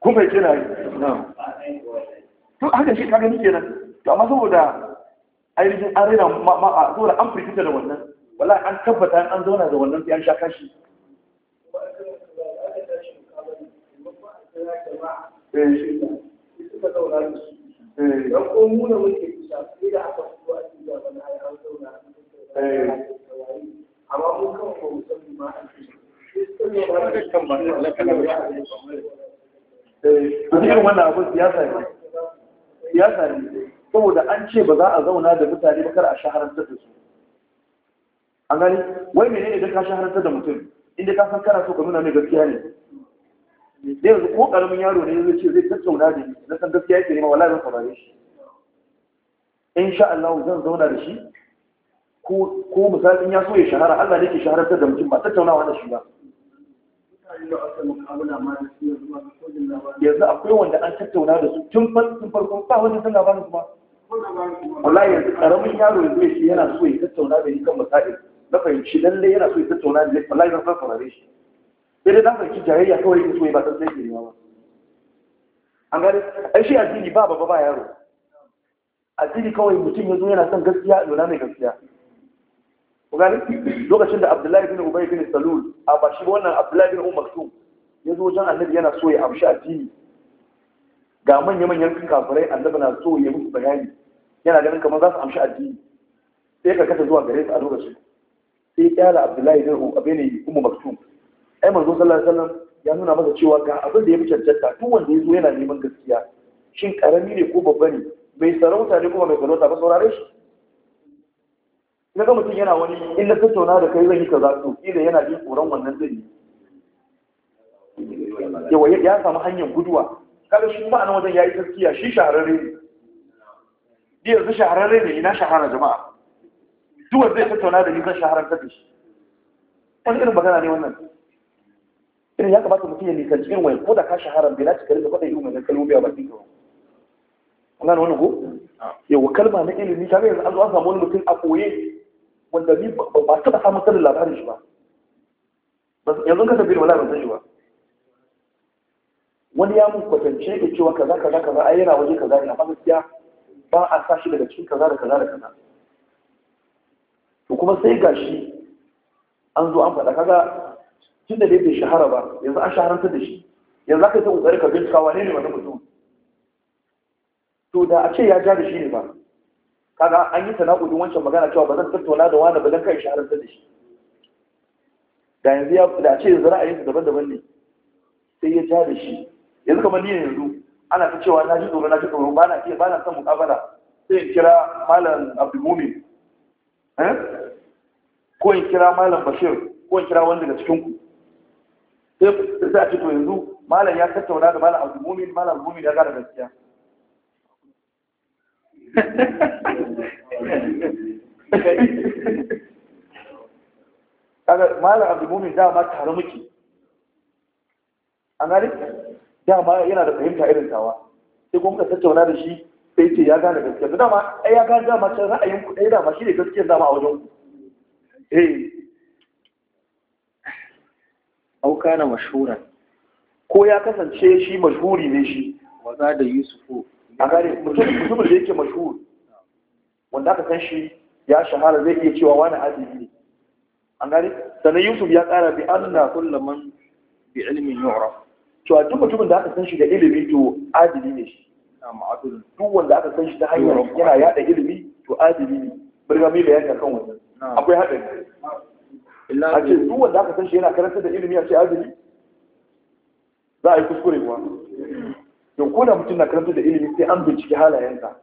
kun bai kina yi to haka shi kaga nike kenan. to amma saboda ainihin an raina ma a saboda an firgita da wannan wala an tabbata an zauna da wannan sai an sha kashi eh Eh. don ko mu da muke kusa sai da aka fito a cikin zaman ai an zauna amma mu kan ko mu san ma an a cikin wannan abu siyasa ne siyasa ne saboda an ce ba za a zauna da mutane ba kar a shaharantar da su an gani wai menene idan ka shaharantar da mutum inda ka san kana so ka nuna mai gaskiya ne da yanzu ko karamin yaro ne yanzu ce zai tattauna da ni na san gaskiya yake ne ma wallahi zan saurare shi in sha Allah zan zauna da shi ko ko misalin ya so ya shahara Allah ne ke shaharar da mutum ba tattaunawa da shi ba yanzu akwai wanda an tattauna da su tun farkon ba wani sun labarin kuma wallahi yanzu karamin yaro yanzu shi yana so ya tattauna da ni kan misalin na fahimci lalle yana so ya tattauna da ni wallahi zan saurare shi sai dai zaka ki jayayya kawai ke soye ba ta sai ke ba an gani ai shi addini ba baba ba yaro addini kawai mutum ya zo yana son gaskiya nuna mai gaskiya ku gani lokacin da abdullahi bin ubay bin salul a ba shi wannan abdullahi bin umar maktum ya zo wajen annabi yana so ya amshi addini ga manya-manyan kafirai annabi na so ya musu bayani yana ganin kamar za su amshi addini sai ka kasa zuwa gare su a lokacin sai ya kyala abdullahi bin ubay bin umar maktum ai manzo sallallahu alaihi wasallam ya nuna masa cewa ga abin da ya fi cancanta duk wanda ya zo yana neman gaskiya shin karami ne ko babba ne bai sarauta ne kuma mai sarauta ba saurare shi na mutum yana wani in na tattauna da kai zan yi kaza to kila yana jin tsoron wannan zai yi yawa ya samu hanyar guduwa kaga shi ma a wajen ya yi gaskiya shi shahararre ne ni yanzu shahararre ne ina shahara jama'a duk wanda zai tattauna da ni zan shaharar da shi wani irin magana ne wannan irin ya kamata mutum ya nisanci irin wani ko da ka shahara bai na cikari da kwaɗa irin wani kalmomi a bakin gaba kuna da wani ko yawa kalma na ilimi ta yanzu an zuwa samu wani mutum a koye wanda ni ba taɓa samun sanin labarin shi ba yanzu ka tafi da wala ban shi ba wani ya mun kwatance da cewa kaza kaza kaza ai yana waje kaza yana amma gaskiya ba a sa shi daga cikin kaza da kaza da kaza to kuma sai gashi an zo an faɗa kaga tun da dai bai shahara ba yanzu an shaharanta da shi yanzu aka yi ta ƙoƙari ka bincika wane ne wani mutum to da a ce ya ja da shi ne ba kaga an yi tanakudin wancan magana cewa ba zan tattauna da wani ba dan kai shaharanta da shi da yanzu ya da a ce yanzu ra'ayin su daban-daban ne sai ya ja da shi yanzu kamar ni yanzu ana ta cewa na ji tsoro na ji tsoro ba na iya ba na son mukabala sai in kira malam abdulmumin eh? ko in kira malam bashir ko in kira wani daga cikin ku sai sai a ce to yanzu malam ya tattauna da malam abdulmumin malam abdulmumin ya gara gaskiya kaga malam abdulmumin dama tare muke an gani dama yana da fahimta irin tawa sai kuma ka tattauna da shi sai ce ya gane gaskiya dama ai ya gane dama ta ra'ayin ku ɗaya dama shi ne gaskiyar dama a wajen ku eh au kana ko ya kasance shi mashuri ne shi wanda da yusufu a gane mutumin da yake mashuri. wanda aka san shi ya shahara zai iya cewa wani azizi ne an gane sannan yusuf ya kara bi anna kullaman bi ilimin yura to duk mutumin da aka san shi da ilimi to adili ne shi duk wanda aka san shi ta hanyar yana yada ilimi to adili ne birgami da yanka kan wannan akwai haɗari ake ce duk wanda aka san shi yana karanta da ilimi a ce azumi za a yi kuskure kuwa to ko da mutum na karanta da ilimi sai an binciki halayensa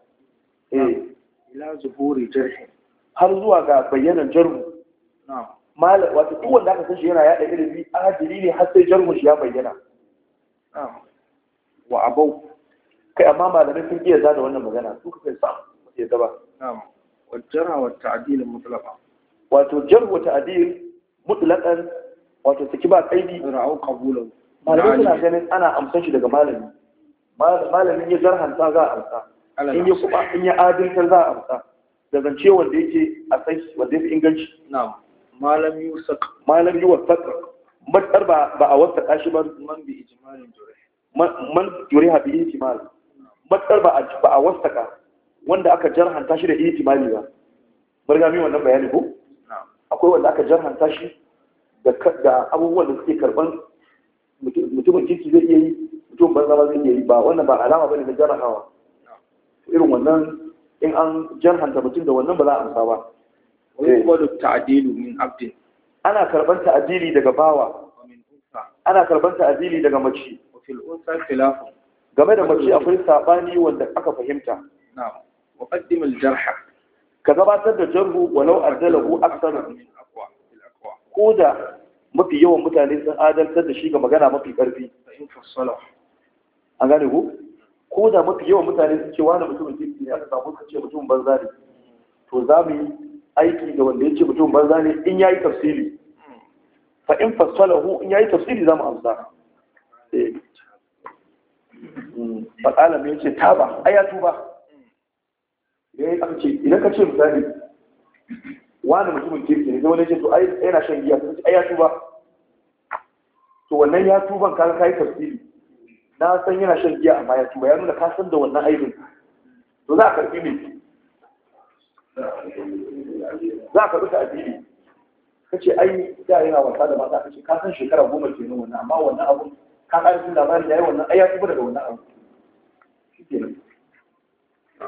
eh zuhuri har zuwa ga bayyanan jarhu malam wato duk wanda aka san shi yana yada ilimi azumi ne har sai jarhu shi ya bayyana wa abau kai amma malamai sun iya zada wannan magana su kai sa ya gaba na'am wa jarha wa ta'dil mutlaqa wato jarhu wa ta'dil mutlaƙar wato saki ba kaidi ra'au malamai suna ganin ana amsan shi daga malami malamin ya zarhanta za a amsa in ya kuma in ya adinta za a amsa da zance wanda yake a sai wanda yake inganci malam yusaq malam yusaq matar ba ba a wasa kashi ba man bi ijmalin jurih man jurih bi ijmal matar ba ba a wasa wanda aka jarhanta shi da ijmali ba bargami wannan bayani ko akwai wanda aka jarhanta shi da abubuwan da suke karban mutumin kirki zai iya yi mutumin banza ba zai iya yi ba wannan ba alama bane na jarhawa irin wannan in an jarhanta mutum da wannan ba za a amsa ba wani kuma da min abdin ana karban ta'adili daga bawa ana karban ta'adili daga mace game da mace akwai sabani wanda aka fahimta na'am wa qaddim al jarha ka gabatar da jarhu walau ardalahu aksar ko da mafi yawan mutane sun adaltar da shi ga magana mafi karfi an gane ku ko da mafi yawan mutane sun ce wani mutumin ne ne aka samu ce mutum banza ne to za mu yi aiki da wanda ya ce mutum banza ne in ya yi tafsiri fa in fassalahu in ya yi tafsiri za mu amsa eh. hmm. faƙala mai ce taba ba ya tuba Yayi eh, aka ce idan ka ce misali wani mutumin kirki ne wani ce to ai yana shan giya sai ai ya tuba to wannan ya tuban ka kai tafsiri na san yana shan giya amma ya tuba ya nuna ka san da wannan aibin to za a karbi ne za a karbi ta addini ka ce ai da yana wasa da mata ka ce ka san shekara goma ke nan wannan amma wannan abu? ka ƙarfin labarin ya yi wannan ai ya tuba daga wannan abu shi kenan na'am kawai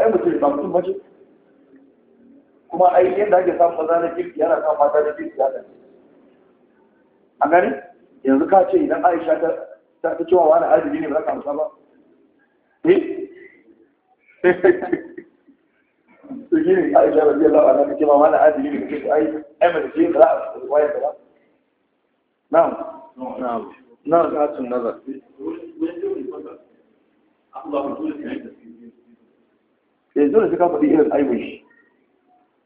ai mutum ba mutum mace kuma ai yadda ake samun maza na kirki yana samun mata na kirki ya ɗan a gani yanzu ka ce idan aisha ta ta ta cewa wani arziki ne ba za ka amsa ba eh to shi ne aisha rabbi Allah ana ta cewa wani arziki ne kace ai ai mai shi za a wayar da ba na'am Na na'am ta tun eh dole sai ka faɗi irin aibin shi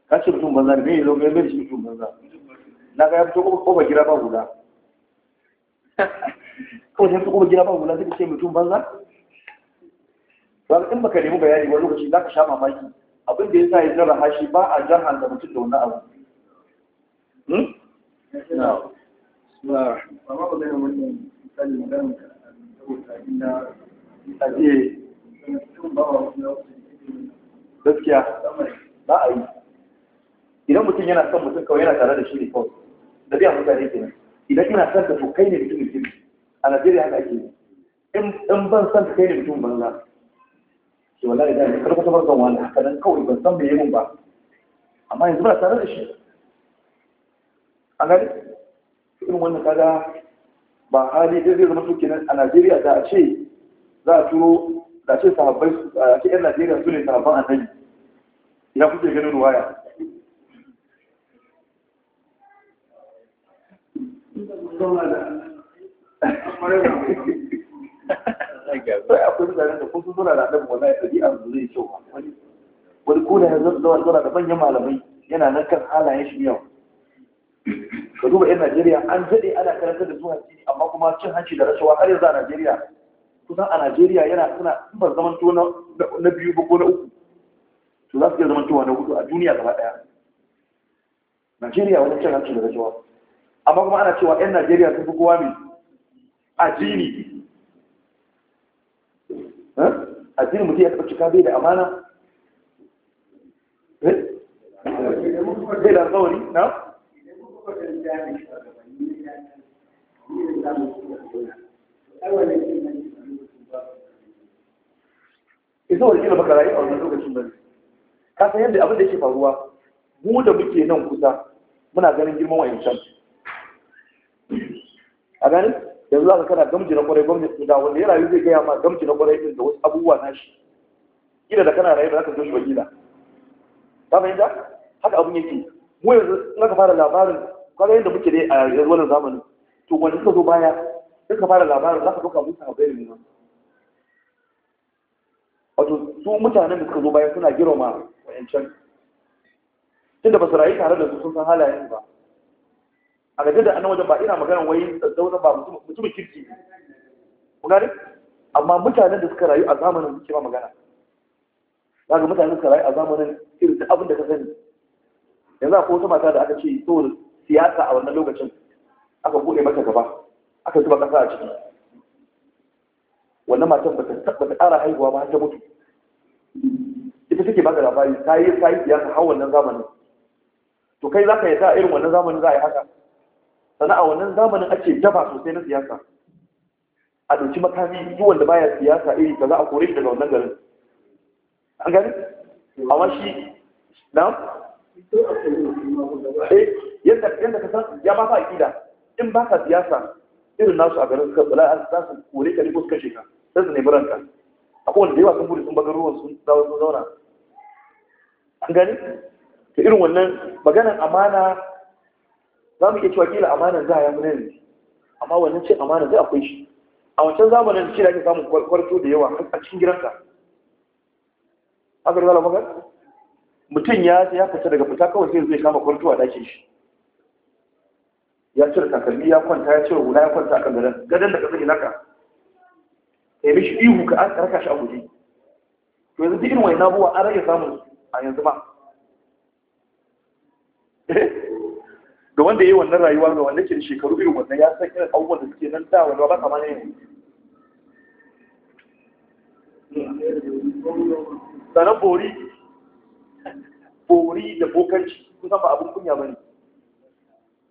ka ce mutum banza ne me yazo me shi mutum banza na ga ya fito ko ba gira ba guda kawai sai su kuma gida ba hula suka ce mutum banza Ba in baka nemi bayani wani lokaci za ka sha mamaki abin da ya sa ya zara hashi ba a jihar da mutum da wani abu gaskiya ba a yi idan mutum yana son mutum kawai yana tare da shi ne kawai da biya mutane kenan idan ina son da to kai ne mutum a najeriya haka ake in ban san kai ne mutum banza ke wala da ne karfa bar zan wani haka nan kawai ban san me yi ba amma yanzu ba tare da shi a gari irin wannan kaga ba hali dai zai zama suke nan. a najeriya da a ce za a turo da a ce sahabbai a ce yan najeriya su ne sahabban annabi ya kuke ganin ruwaya Thank you. wani kuna yanzu da suna da zai kyau wani wani da da manyan malamai yana nan kan halayen shi yau ka duba yan Najeriya an daɗe ana karanta da zuwa ciki amma kuma cin hanci da rashawa har yanzu a Najeriya kusan a Najeriya yana suna ba zaman na biyu ba ko na uku to za su iya zaman towa na hudu a duniya gaba ɗaya Najeriya wani cin hanci da rashawa amma kuma ana cewa yan Najeriya sun fi kowa mai addini eh? addini mutum ya taɓa cika bai da amana eh? bai da alkawari na isa eh, wani kila baka rayu a wannan lokacin bane ka san yadda abin da yake faruwa mu da muke nan kusa muna ganin girman wa'incan. a ganin yanzu zaka kana gamji na kwarai gwamnati da wanda ya rayu zai gaya ma gamji na kwarai din da wasu abubuwa na shi kila da kana rayu da zaka zo shi ba kila fahimta haka abun yake mu yanzu in aka fara labarin kwarai yadda muke dai a yanzu wannan zamanin to wanda suka zo baya ka fara labarin za ka zo ka musu a bayan nuna wato su mutanen da suka zo baya suna girma wa'yancan tunda ba su rayu tare da su sun san halayen ba a gaje da annan wajen ba ina maganar wai zaune ba mutumin kirki ne ku gane amma mutanen da suka rayu a zamanin muke ba magana za ga mutanen suka rayu a zamanin irin da abin da ka sani yanzu akwai wata mata da aka ce saboda siyasa a wannan lokacin aka buɗe mata gaba aka zuba ƙasa a ciki wannan matan ba ta ƙara haihuwa ba ta mutu ita take ba da labari ta yi ta yi siyasa har wannan zamanin to kai za ka yi ta irin wannan zamanin za a yi haka sana a wannan zamanin ake daba sosai na siyasa a ɗauki makami duk wanda baya siyasa iri za a kore shi daga wannan garin an gani amma shi na eh, yadda yadda ka san ya ba ka akida in ba ka siyasa irin nasu a garin suka bala za su kore ka ne ko su kashe ka sai su nemi ranka akwai wanda da yawa sun buɗe sun baga ruwan sun dawo sun zauna an gani to irin wannan maganar amana za mu iya cewa kila amanar za a yi munar amma wannan ce amanar zai akwai shi a wancan zamanin ce da ake samun kwarto da yawa a cikin gidanka Agar zala magar mutum ya ya fita daga fita kawai sai zai kama kwarto a dakin shi ya cire takalmi ya kwanta ya cire hula ya kwanta a kan gadon gadon da ka sani naka ya mishi ihu ka an karka shi a guji to yanzu duk irin wani nabuwa an rage samun a yanzu ba da wanda ya yi wannan rayuwa da wanda ke da shekaru irin wannan ya san irin abubuwa da suke nan da wani ba kama ne sannan bori bori da bokanci kusan ba abin kunya ba ne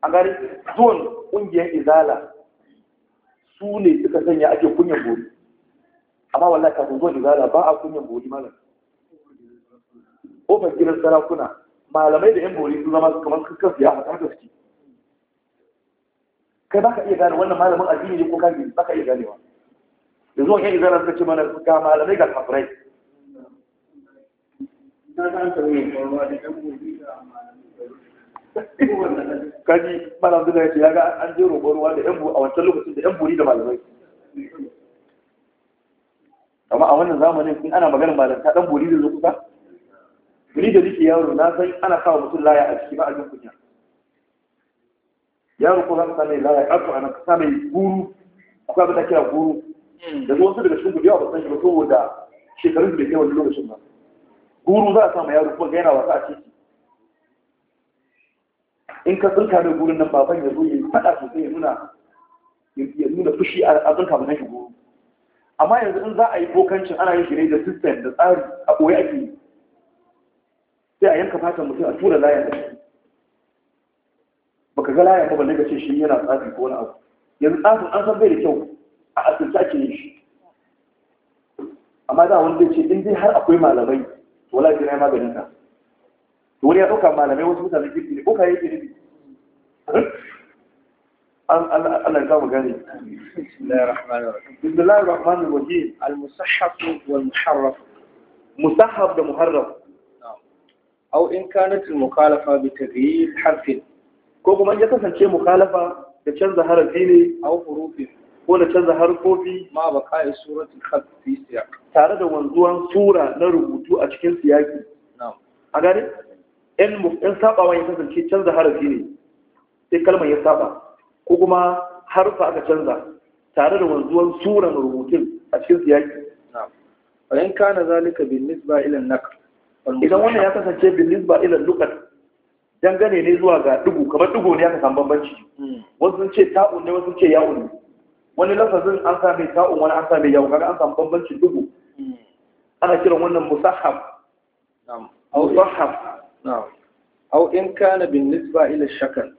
a gari zuwan ƙungiyar izala su ne suka sanya ake kunyan bori amma wallahi kafin zuwan izala ba a kunyan bori malam ofar gidan sarakuna malamai da yan bori su zama kamar kansu a haka suke kai baka iya gane wannan malamin addini ne ko kafiri baka iya ganewa da zuwa kai izara suka ce mana ga malamai ga kafirai *laughs* kaji malam zuba ya ce ya ga an je roƙon ruwa da yan a wancan lokacin da yan buri da malamai amma a wannan zamanin in ana maganar malanta dan buri da zo kusa ni da nake yaro na san ana kawo mutum laya a ciki ba a jin kunya yaro ko za ka same laya ƙarfi a nan ka sami guru ko ka da kira guru da zuwa hmm. su daga cikin gudu yawa ba san shi ba saboda shekarun da kai wani lokacin ba guru za a sami yaro ko ga yana wasa a ciki in ka tsinka mai gurin nan baban ya zo ya faɗa sosai ya nuna ya nuna fushi a tsinka mai shi guru amma yanzu in za a yi bokancin ana yin shirai da system da tsari a ɓoye ake yi sai a yanka fatan mutum a tura layan da shi baka ga layan ba balle ka ce shi yana tsafi ko wani abu yanzu tsafin an san bai da kyau a asirce ake yin shi amma za wani zai ce in dai har akwai malamai to wala kira maganin ka to wani ya ɗauka malamai wasu mutane kirki ne ko ka yi kirki Allah ya mu gane Bismillahir Rahmanir Rahim Al-Musahhaf wal Muharraf Musahhaf da Muharraf أو إن كانت المخالفة بتغيير حرف ko kuma ya kasance mukhalafa da canza harafi ne a hurufi ko da canza harfofi ma ba kai suratul khalq fi siyaq tare da wanzuwan sura na rubutu a cikin siyaki a gane in in saba ya kasance canza harafi ne sai kalmar ya saba ko kuma harfa aka canza tare da wanzuwan suran rubutun a cikin siyaki A in kana zalika bin nisba ila nakl idan wannan ya kasance bin nisba ila lukat dangane ne zuwa ga dugu kamar dugu ne aka samu bambanci hmm. wasu sun ce ta'un ne wasu ce ya'un ne wani lafazin an sa mai ta'un wani an sa mai ya'un kaga an samu bambanci dugu hmm. ana kiran wannan musahab au musahab au in kana bin nisba ila shakal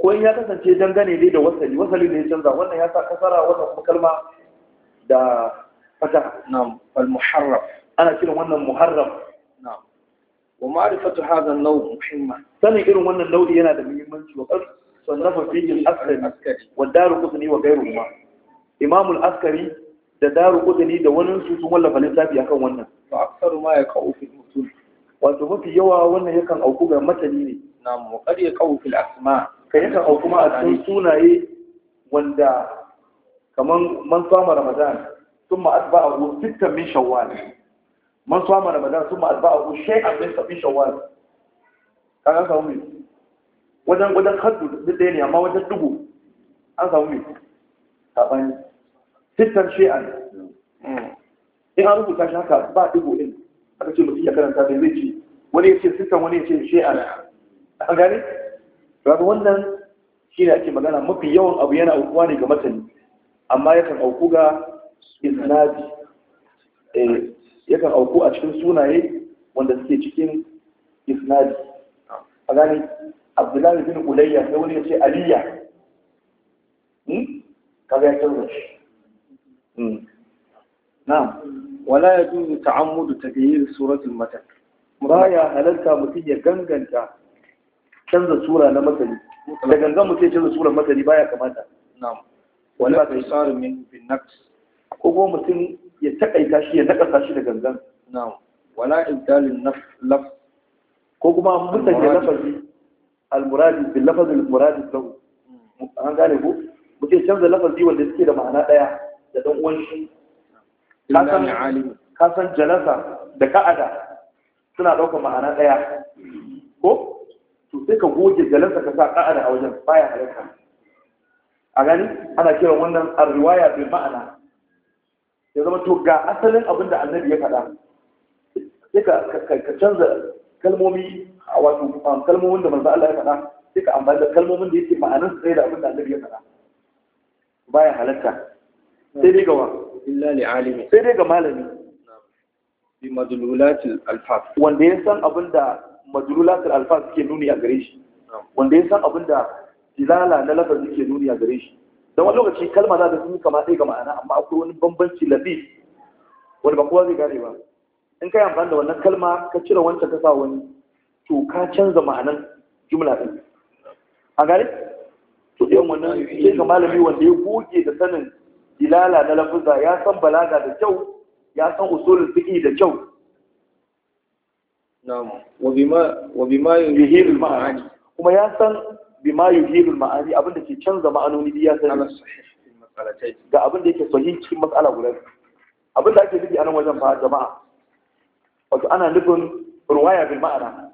ko in ya kasance dangane ne da wasali wasali ne ya canza wannan ya sa kasara wannan kuma kalma da fata na'am al muharraf ana kiran wannan muharraf na'am ومعرفة هذا النوع مهمة سنة إيرو من النوع ينا دمي من وقف صنف فيه الأسكري والدار قدني وغيرهما إمام الأسكري da daru kudani da wani su sun wallafa littafi akan wannan fa aksaru ma ya kawo fi mutum wato mafi yawa wannan yakan auku ga matani ne na mu kad ya kawo asma ka yakan auku ma a cikin sunaye wanda kaman man sama ramadan thumma asba'ahu sittan min shawwal man suwa ramadan sun ma a ku shai a zai safi shawar kan sa samu mai wajen wajen haddu duk ɗaya ne amma wajen dubu an samu umi saɓani sittan shi'an in an rubuta shi haka ba dubu din aka ce mutum ya karanta bai zai ci wani ya ce sittan wani ya ce shi'an an gane? Rabu wannan shi ne ake magana mafi yawan abu yana aukuwa ne ga matani amma yakan auku ga isnadi eh. yakan auku a cikin sunaye wanda suke cikin isnadi a gani abdullahi bin ulayya sai wani ya ce aliya hmm? kaga ya canza shi hmm. na'am wala ya juzu ta'ammudu taghayyir suratul matan baya halarta mutum ya ganganta canza sura na matani da gangan mutum ya canza sura matani baya kamata na'am wala ta isaru min bin naqs ko mutum ya takaita shi ya nakasa shi da gangan na'am wala intalin laf ko kuma ya lafazi al-muradi bil lafazi almuradi muradi hmm. an gane ko muke canza lafazi wanda suke da ma'ana daya da dan uwan shi alim kasan jalasa da ka'ada suna ɗaukar ma'ana daya ko to sai ka goge jalasa ka sa ka'ada a wajen baya halaka a gani ana kiran wannan ar-riwaya bil ma'ana ya zama to ga asalin abin da annabi ya faɗa sai ka canza kalmomi a wato kalmomin da manzo Allah ya faɗa sai ka amfani da kalmomin da yake ma'anar sai da abin da annabi ya faɗa baya halatta sai dai ga wa illa li alimi sai dai ga malami bi madlulatil alfaz wanda ya san abin da madlulatil alfaz ke nuni a gare shi wanda ya san abin da dilala na lafazi ke nuni a gare shi dan wani lokaci kalma za ta sun kama ɗaya ga ma'ana amma akwai wani bambanci lafi wani ba kowa zai gane ba in ka yi amfani da wannan kalma ka cire wancan ka sa wani to ka canza ma'anan jumla ɗin a gane to ɗayan wannan sai ga malami wanda ya goge da sanin dilala na lafuza ya san balaga da kyau ya san usulin fiƙi da kyau na'am wa bima wa bima ma'ani kuma ya san bima yuhilul ma'ani abin da ke canza ma'anoni biya sani ga abin da yake sahihi cikin matsala guda abin da ake nufi anan wajen ba jama'a wato ana nufin ruwaya bil ma'ana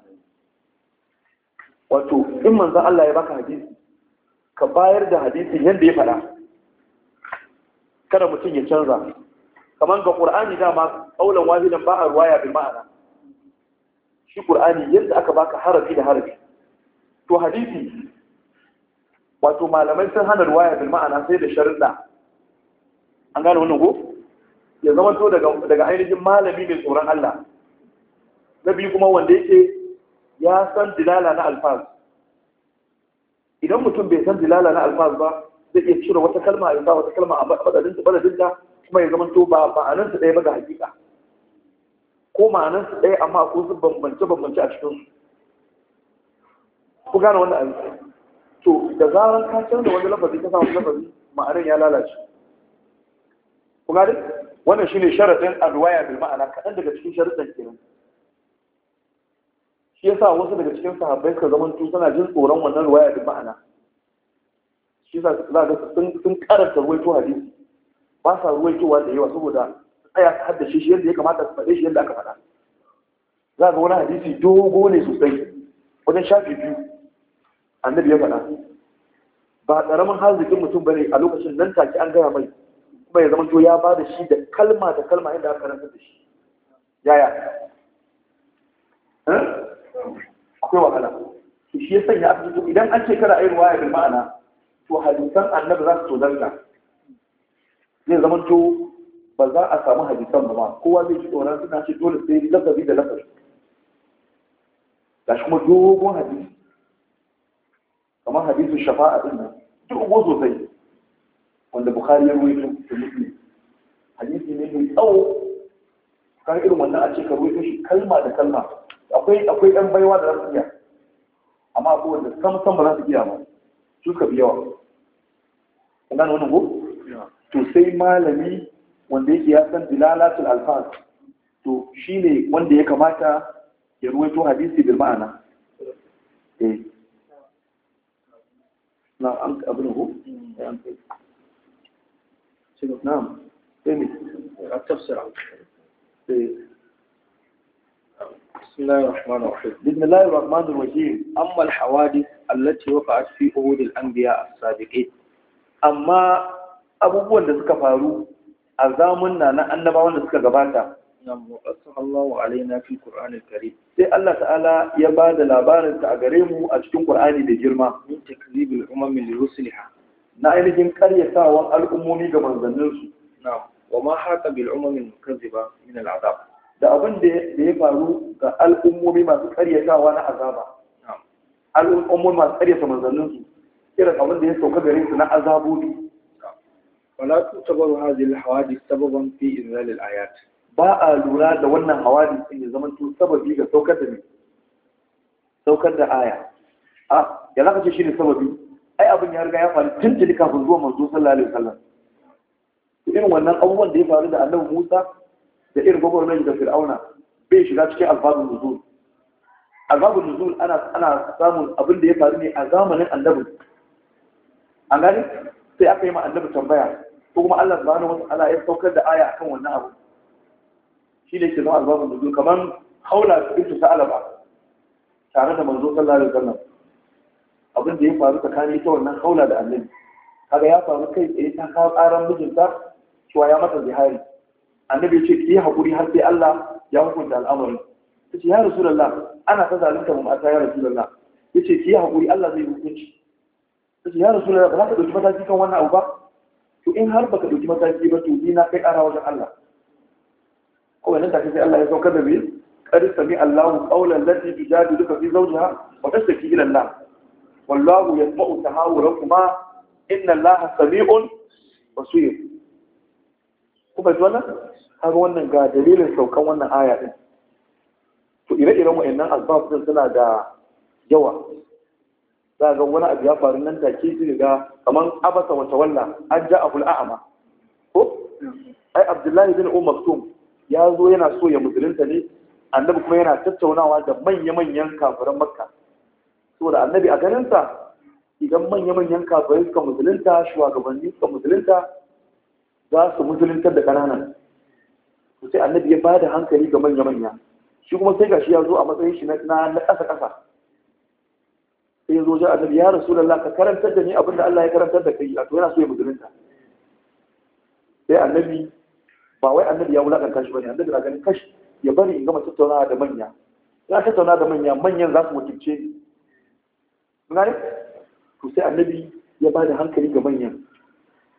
wato in manzon Allah ya baka hadisi ka bayar da hadisin yadda ya faɗa kada mutum ya canza kamar ga ƙur'ani dama ƙaunar wahidan ba a ruwaya bil ma'ana shi ƙur'ani yadda aka baka harafi da harafi to hadisi wato malamai sun hana ruwaya bil ma'ana sai da sharuɗa an gane wannan ko ya zama to daga ainihin malami mai tsoron Allah na kuma wanda yake ya san dilala na alfaz idan mutum bai san dilala na alfaz ba zai iya cire wata kalma ya ba wata kalma a madadin ta madadin ta kuma ya zama to ba ma'anar su ɗaya ba ga hakika ko ma'anar su ɗaya amma ko su bambance bambance a cikin su ku gane wannan abin to da zarar ka da wani lafazi ka sa wani lafazi ma'anar ya lalace kuma dai wannan shine sharadin alwaya bil ma'ana kaɗan daga cikin sharadin kenan shi yasa wasu daga cikin sahabbai ka zaman tu suna jin tsoron wannan ruwaya bil ma'ana shi yasa za ga sun sun karanta to hadisi ba sa wa da yawa saboda aya ta haddace shi yadda ya kamata su faɗe shi yadda aka faɗa za ga wani hadisi dogo ne sosai wajen shafi biyu annabi ya faɗa ba ƙaramin harzikin mutum bane a lokacin nan take an gaya mai kuma ya zama to ya ba da shi da kalma da kalma inda aka karanta da shi yaya eh? akwai wahala shi ya sanya aka fito idan an ce kada a yi ruwaya bil ma'ana to hadisan annabi za su tozarta zai zama to ba za a samu hadisan ba ma kowa zai ji tsoron suna ce dole sai lafazi da lafazi gashi kuma dogon hadisi kamar shafa shafa'a din nan duk ugo sosai wanda bukhari ya ruwaito da muslim hadisi ne mai tsawo kan irin wannan a ce ka ruwaito shi kalma da kalma akwai akwai ɗan baiwa da za su iya amma abu wanda sam sam ba za su iya ba su ka biya yawa kun gane wannan ko to sai malami wanda yake ya san dilalatul alfaz to shine wanda ya kamata ya ruwaito hadisi bil ma'ana eh na an abin hu mm. ya an kai shi na'am sai ne a tafsira بسم الله الرحمن الرحيم أما الحوادث التي وقعت في أهود الأنبياء السابقين أما abubuwan da suka faru a zamunna na annabawan da suka gabata نعم وقسم الله علينا في القرآن الكريم سي الله تعالى يبادل لابارن تأغريمه أجتم قرآني بجرمة من تكذيب الأمم لرسلها نعينهم قرية ساوى الأمومي قبل ذنرسو نعم وما حاك بالأمم المكذبة من العذاب da abin da ya faru ga al'ummomi masu karyatawa na azaba al'ummomi masu karyata manzanninsu irin abin da ya sauka gare su na azabobi wala tutabaru hadhihi al-hawadith sababan fi inzal ayat ba a lura da wannan hawari sun ya zama sababi ga saukar da ne saukar da aya a ya zaka ce shi ne sababi ai abin ya riga ya faru tun tuni kafin zuwa manzo sallallahu alaihi wasallam irin wannan abubuwan da ya faru da annabi Musa da irin gwagwarmai da Fir'auna bai shiga cikin alfazun nuzul azabun nuzul ana ana samun abin da ya faru ne a zamanin annabi an gani sai aka yi ma annabi tambaya ko kuma Allah subhanahu wa ta'ala ya saukar da aya akan wannan abu shi ne ke zama albabin nuzul kamar haula su bintu sa'alaba tare da manzo sallallahu da wasallam abin da ya faru tsakanin ita wannan haula da annabi kaga ya faru kai tsaye ta kawo karan mijinta cewa ya mata zihari annabi ya ce ki yi haƙuri har sai Allah ya hukunta al'amarin ta ce ya rasulallah ana ta zalunta mu mata ya rasulallah ya ce ki yi haƙuri Allah zai hukunci ta ce ya rasulallah ba za ka ɗauki mataki kan wannan abu ba to in har baka ɗauki mataki ba to ni na kai ƙara wajen Allah kawai nan take sai Allah ya sauka da biyu qad sami Allahu qawlan lati tujadiluka fi zawjiha wa tashtaki ila Allah wallahu yasma'u tahawurakuma inna Allaha sami'un basir kuma ji wannan har wannan ga dalilin saukan wannan aya din to ire-iren wa'annan asbab din suna da yawa za ga wani abu ya faru nan take shi ga kamar abasa wata walla an ja abul a'ama ko ai abdullahi bin umar tum ya zo yana so ya musulunta ne annabi kuma yana tattaunawa da manya-manyan kafiran makka saboda annabi a ganinsa idan manya-manyan kafirai suka musulunta shugabanni suka musulunta za su musuluntar da ƙananan Ku sai annabi ya bada hankali ga manya-manya shi kuma sai gashi ya zo a matsayin shi na ƙasa-ƙasa sai ya zo ja annabi ya rasu lalla ka karantar da ni abin da Allah ya karantar da kai a to yana so ya musulunta sai annabi ba wai annabi ya wulaka kashi bane annabi na ganin kashi ya bari in gama tattaunawa da manya ya tattauna da manya manyan za su wakilce ni ne to sai annabi ya ba da hankali ga manyan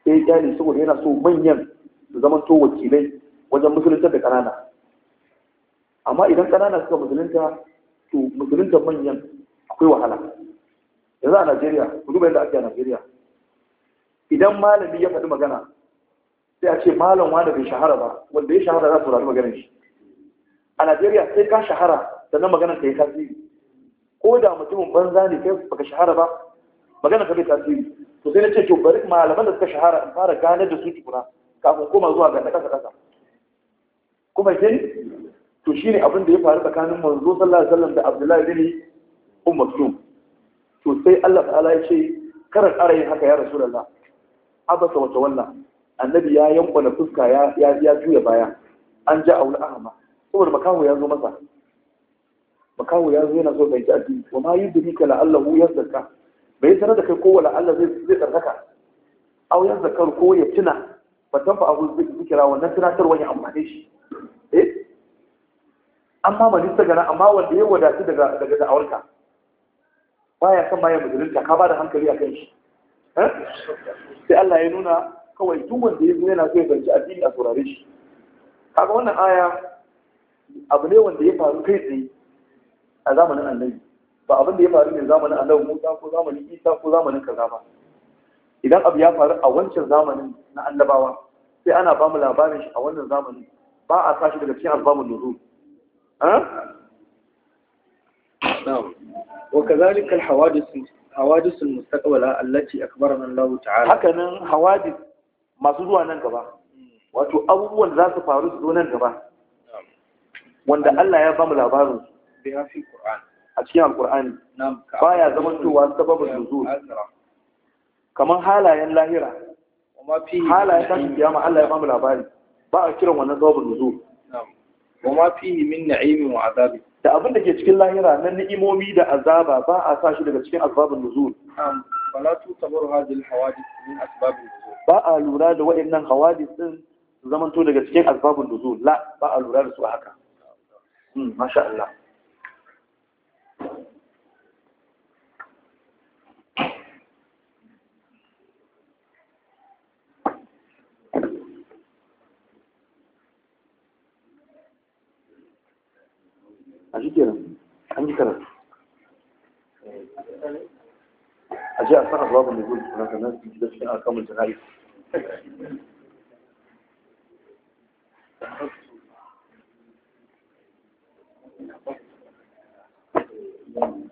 sai ya kyale saboda yana so manyan su zama to wakilai wajen musulunta da ƙanana amma idan ƙanana suka musulunta to musulunta manyan akwai wahala yanzu a najeriya ku duba yadda ake a najeriya idan malami ya faɗi magana sai a ce malam wanda bai shahara ba wanda ya shahara za su rari maganin shi a najeriya sai ka shahara sannan maganar ka yi tasiri ko da mutumin banza ne kai baka shahara ba maganar ka bai tasiri to sai na ce to bari malaman da suka shahara in fara gane da su tukuna kafin koma zuwa ga ƙasa kasa kasa kuma ke to shi ne abin da ya faru tsakanin manzo sallallahu alaihi wasallam da abdullahi bin ummatum to sai Allah ta'ala ya ce karar ara yin haka ya rasulullah abasa wata wannan annabi ya yanko na fuska ya juya baya an ja aula ahma saboda makaho ya zo masa makaho ya zo yana so bai ji addini wa ma yudrika la hu, yazakka bai sanar da kai ko wala allah zai zai tsarkaka aw yazakkaru ko ya tuna ba tanfa abu zai zikira wannan tunatarwa ya amfane shi eh amma ba nista gana amma wanda ya wadatu daga daga da'awarka baya kan baya musulunta ka ba da hankali a kan shi eh? sai Allah ya nuna kawai duk wanda ya zo yana so ya fahimci addini a saurare shi kaga wannan aya abu ne wanda ya faru kai tsaye a zamanin annabi ba abin da ya faru ne zamanin annabi Musa ko zamanin Isa ko zamanin kaza ba idan abu ya faru a wancan zamanin na annabawa sai ana ba mu labarin shi a wannan zamanin ba a tashi daga cikin albamun nuzul وكذلك الحوادث حوادث المستقبلة التي أخبرنا الله تعالى هكذا حوادث masu zuwa nan gaba wato abubuwan za su faru su zo nan gaba wanda Allah ya bamu labarin su a cikin alkur'ani ya zama cewa sababin nuzul kamar halayen lahira halayen tashin kiyama Allah ya bamu labari ba a kiran wannan sababin nuzul wa ma fihi min na'imin wa azabi da abin da ke cikin lahira nan ni'imomi da azaba ba a sa shi daga cikin azabin nuzul fala tu tabaru hadhihi alhawadith min asbabi ba a lura da waɗannan hawadis din zamanto daga cikin asbabun nuzul la ba a lura da su a haka masha Allah a shi kenan an ji karatu a ji a sanar babu mai gudu na kanar da suke a kamar jana'i Thank you.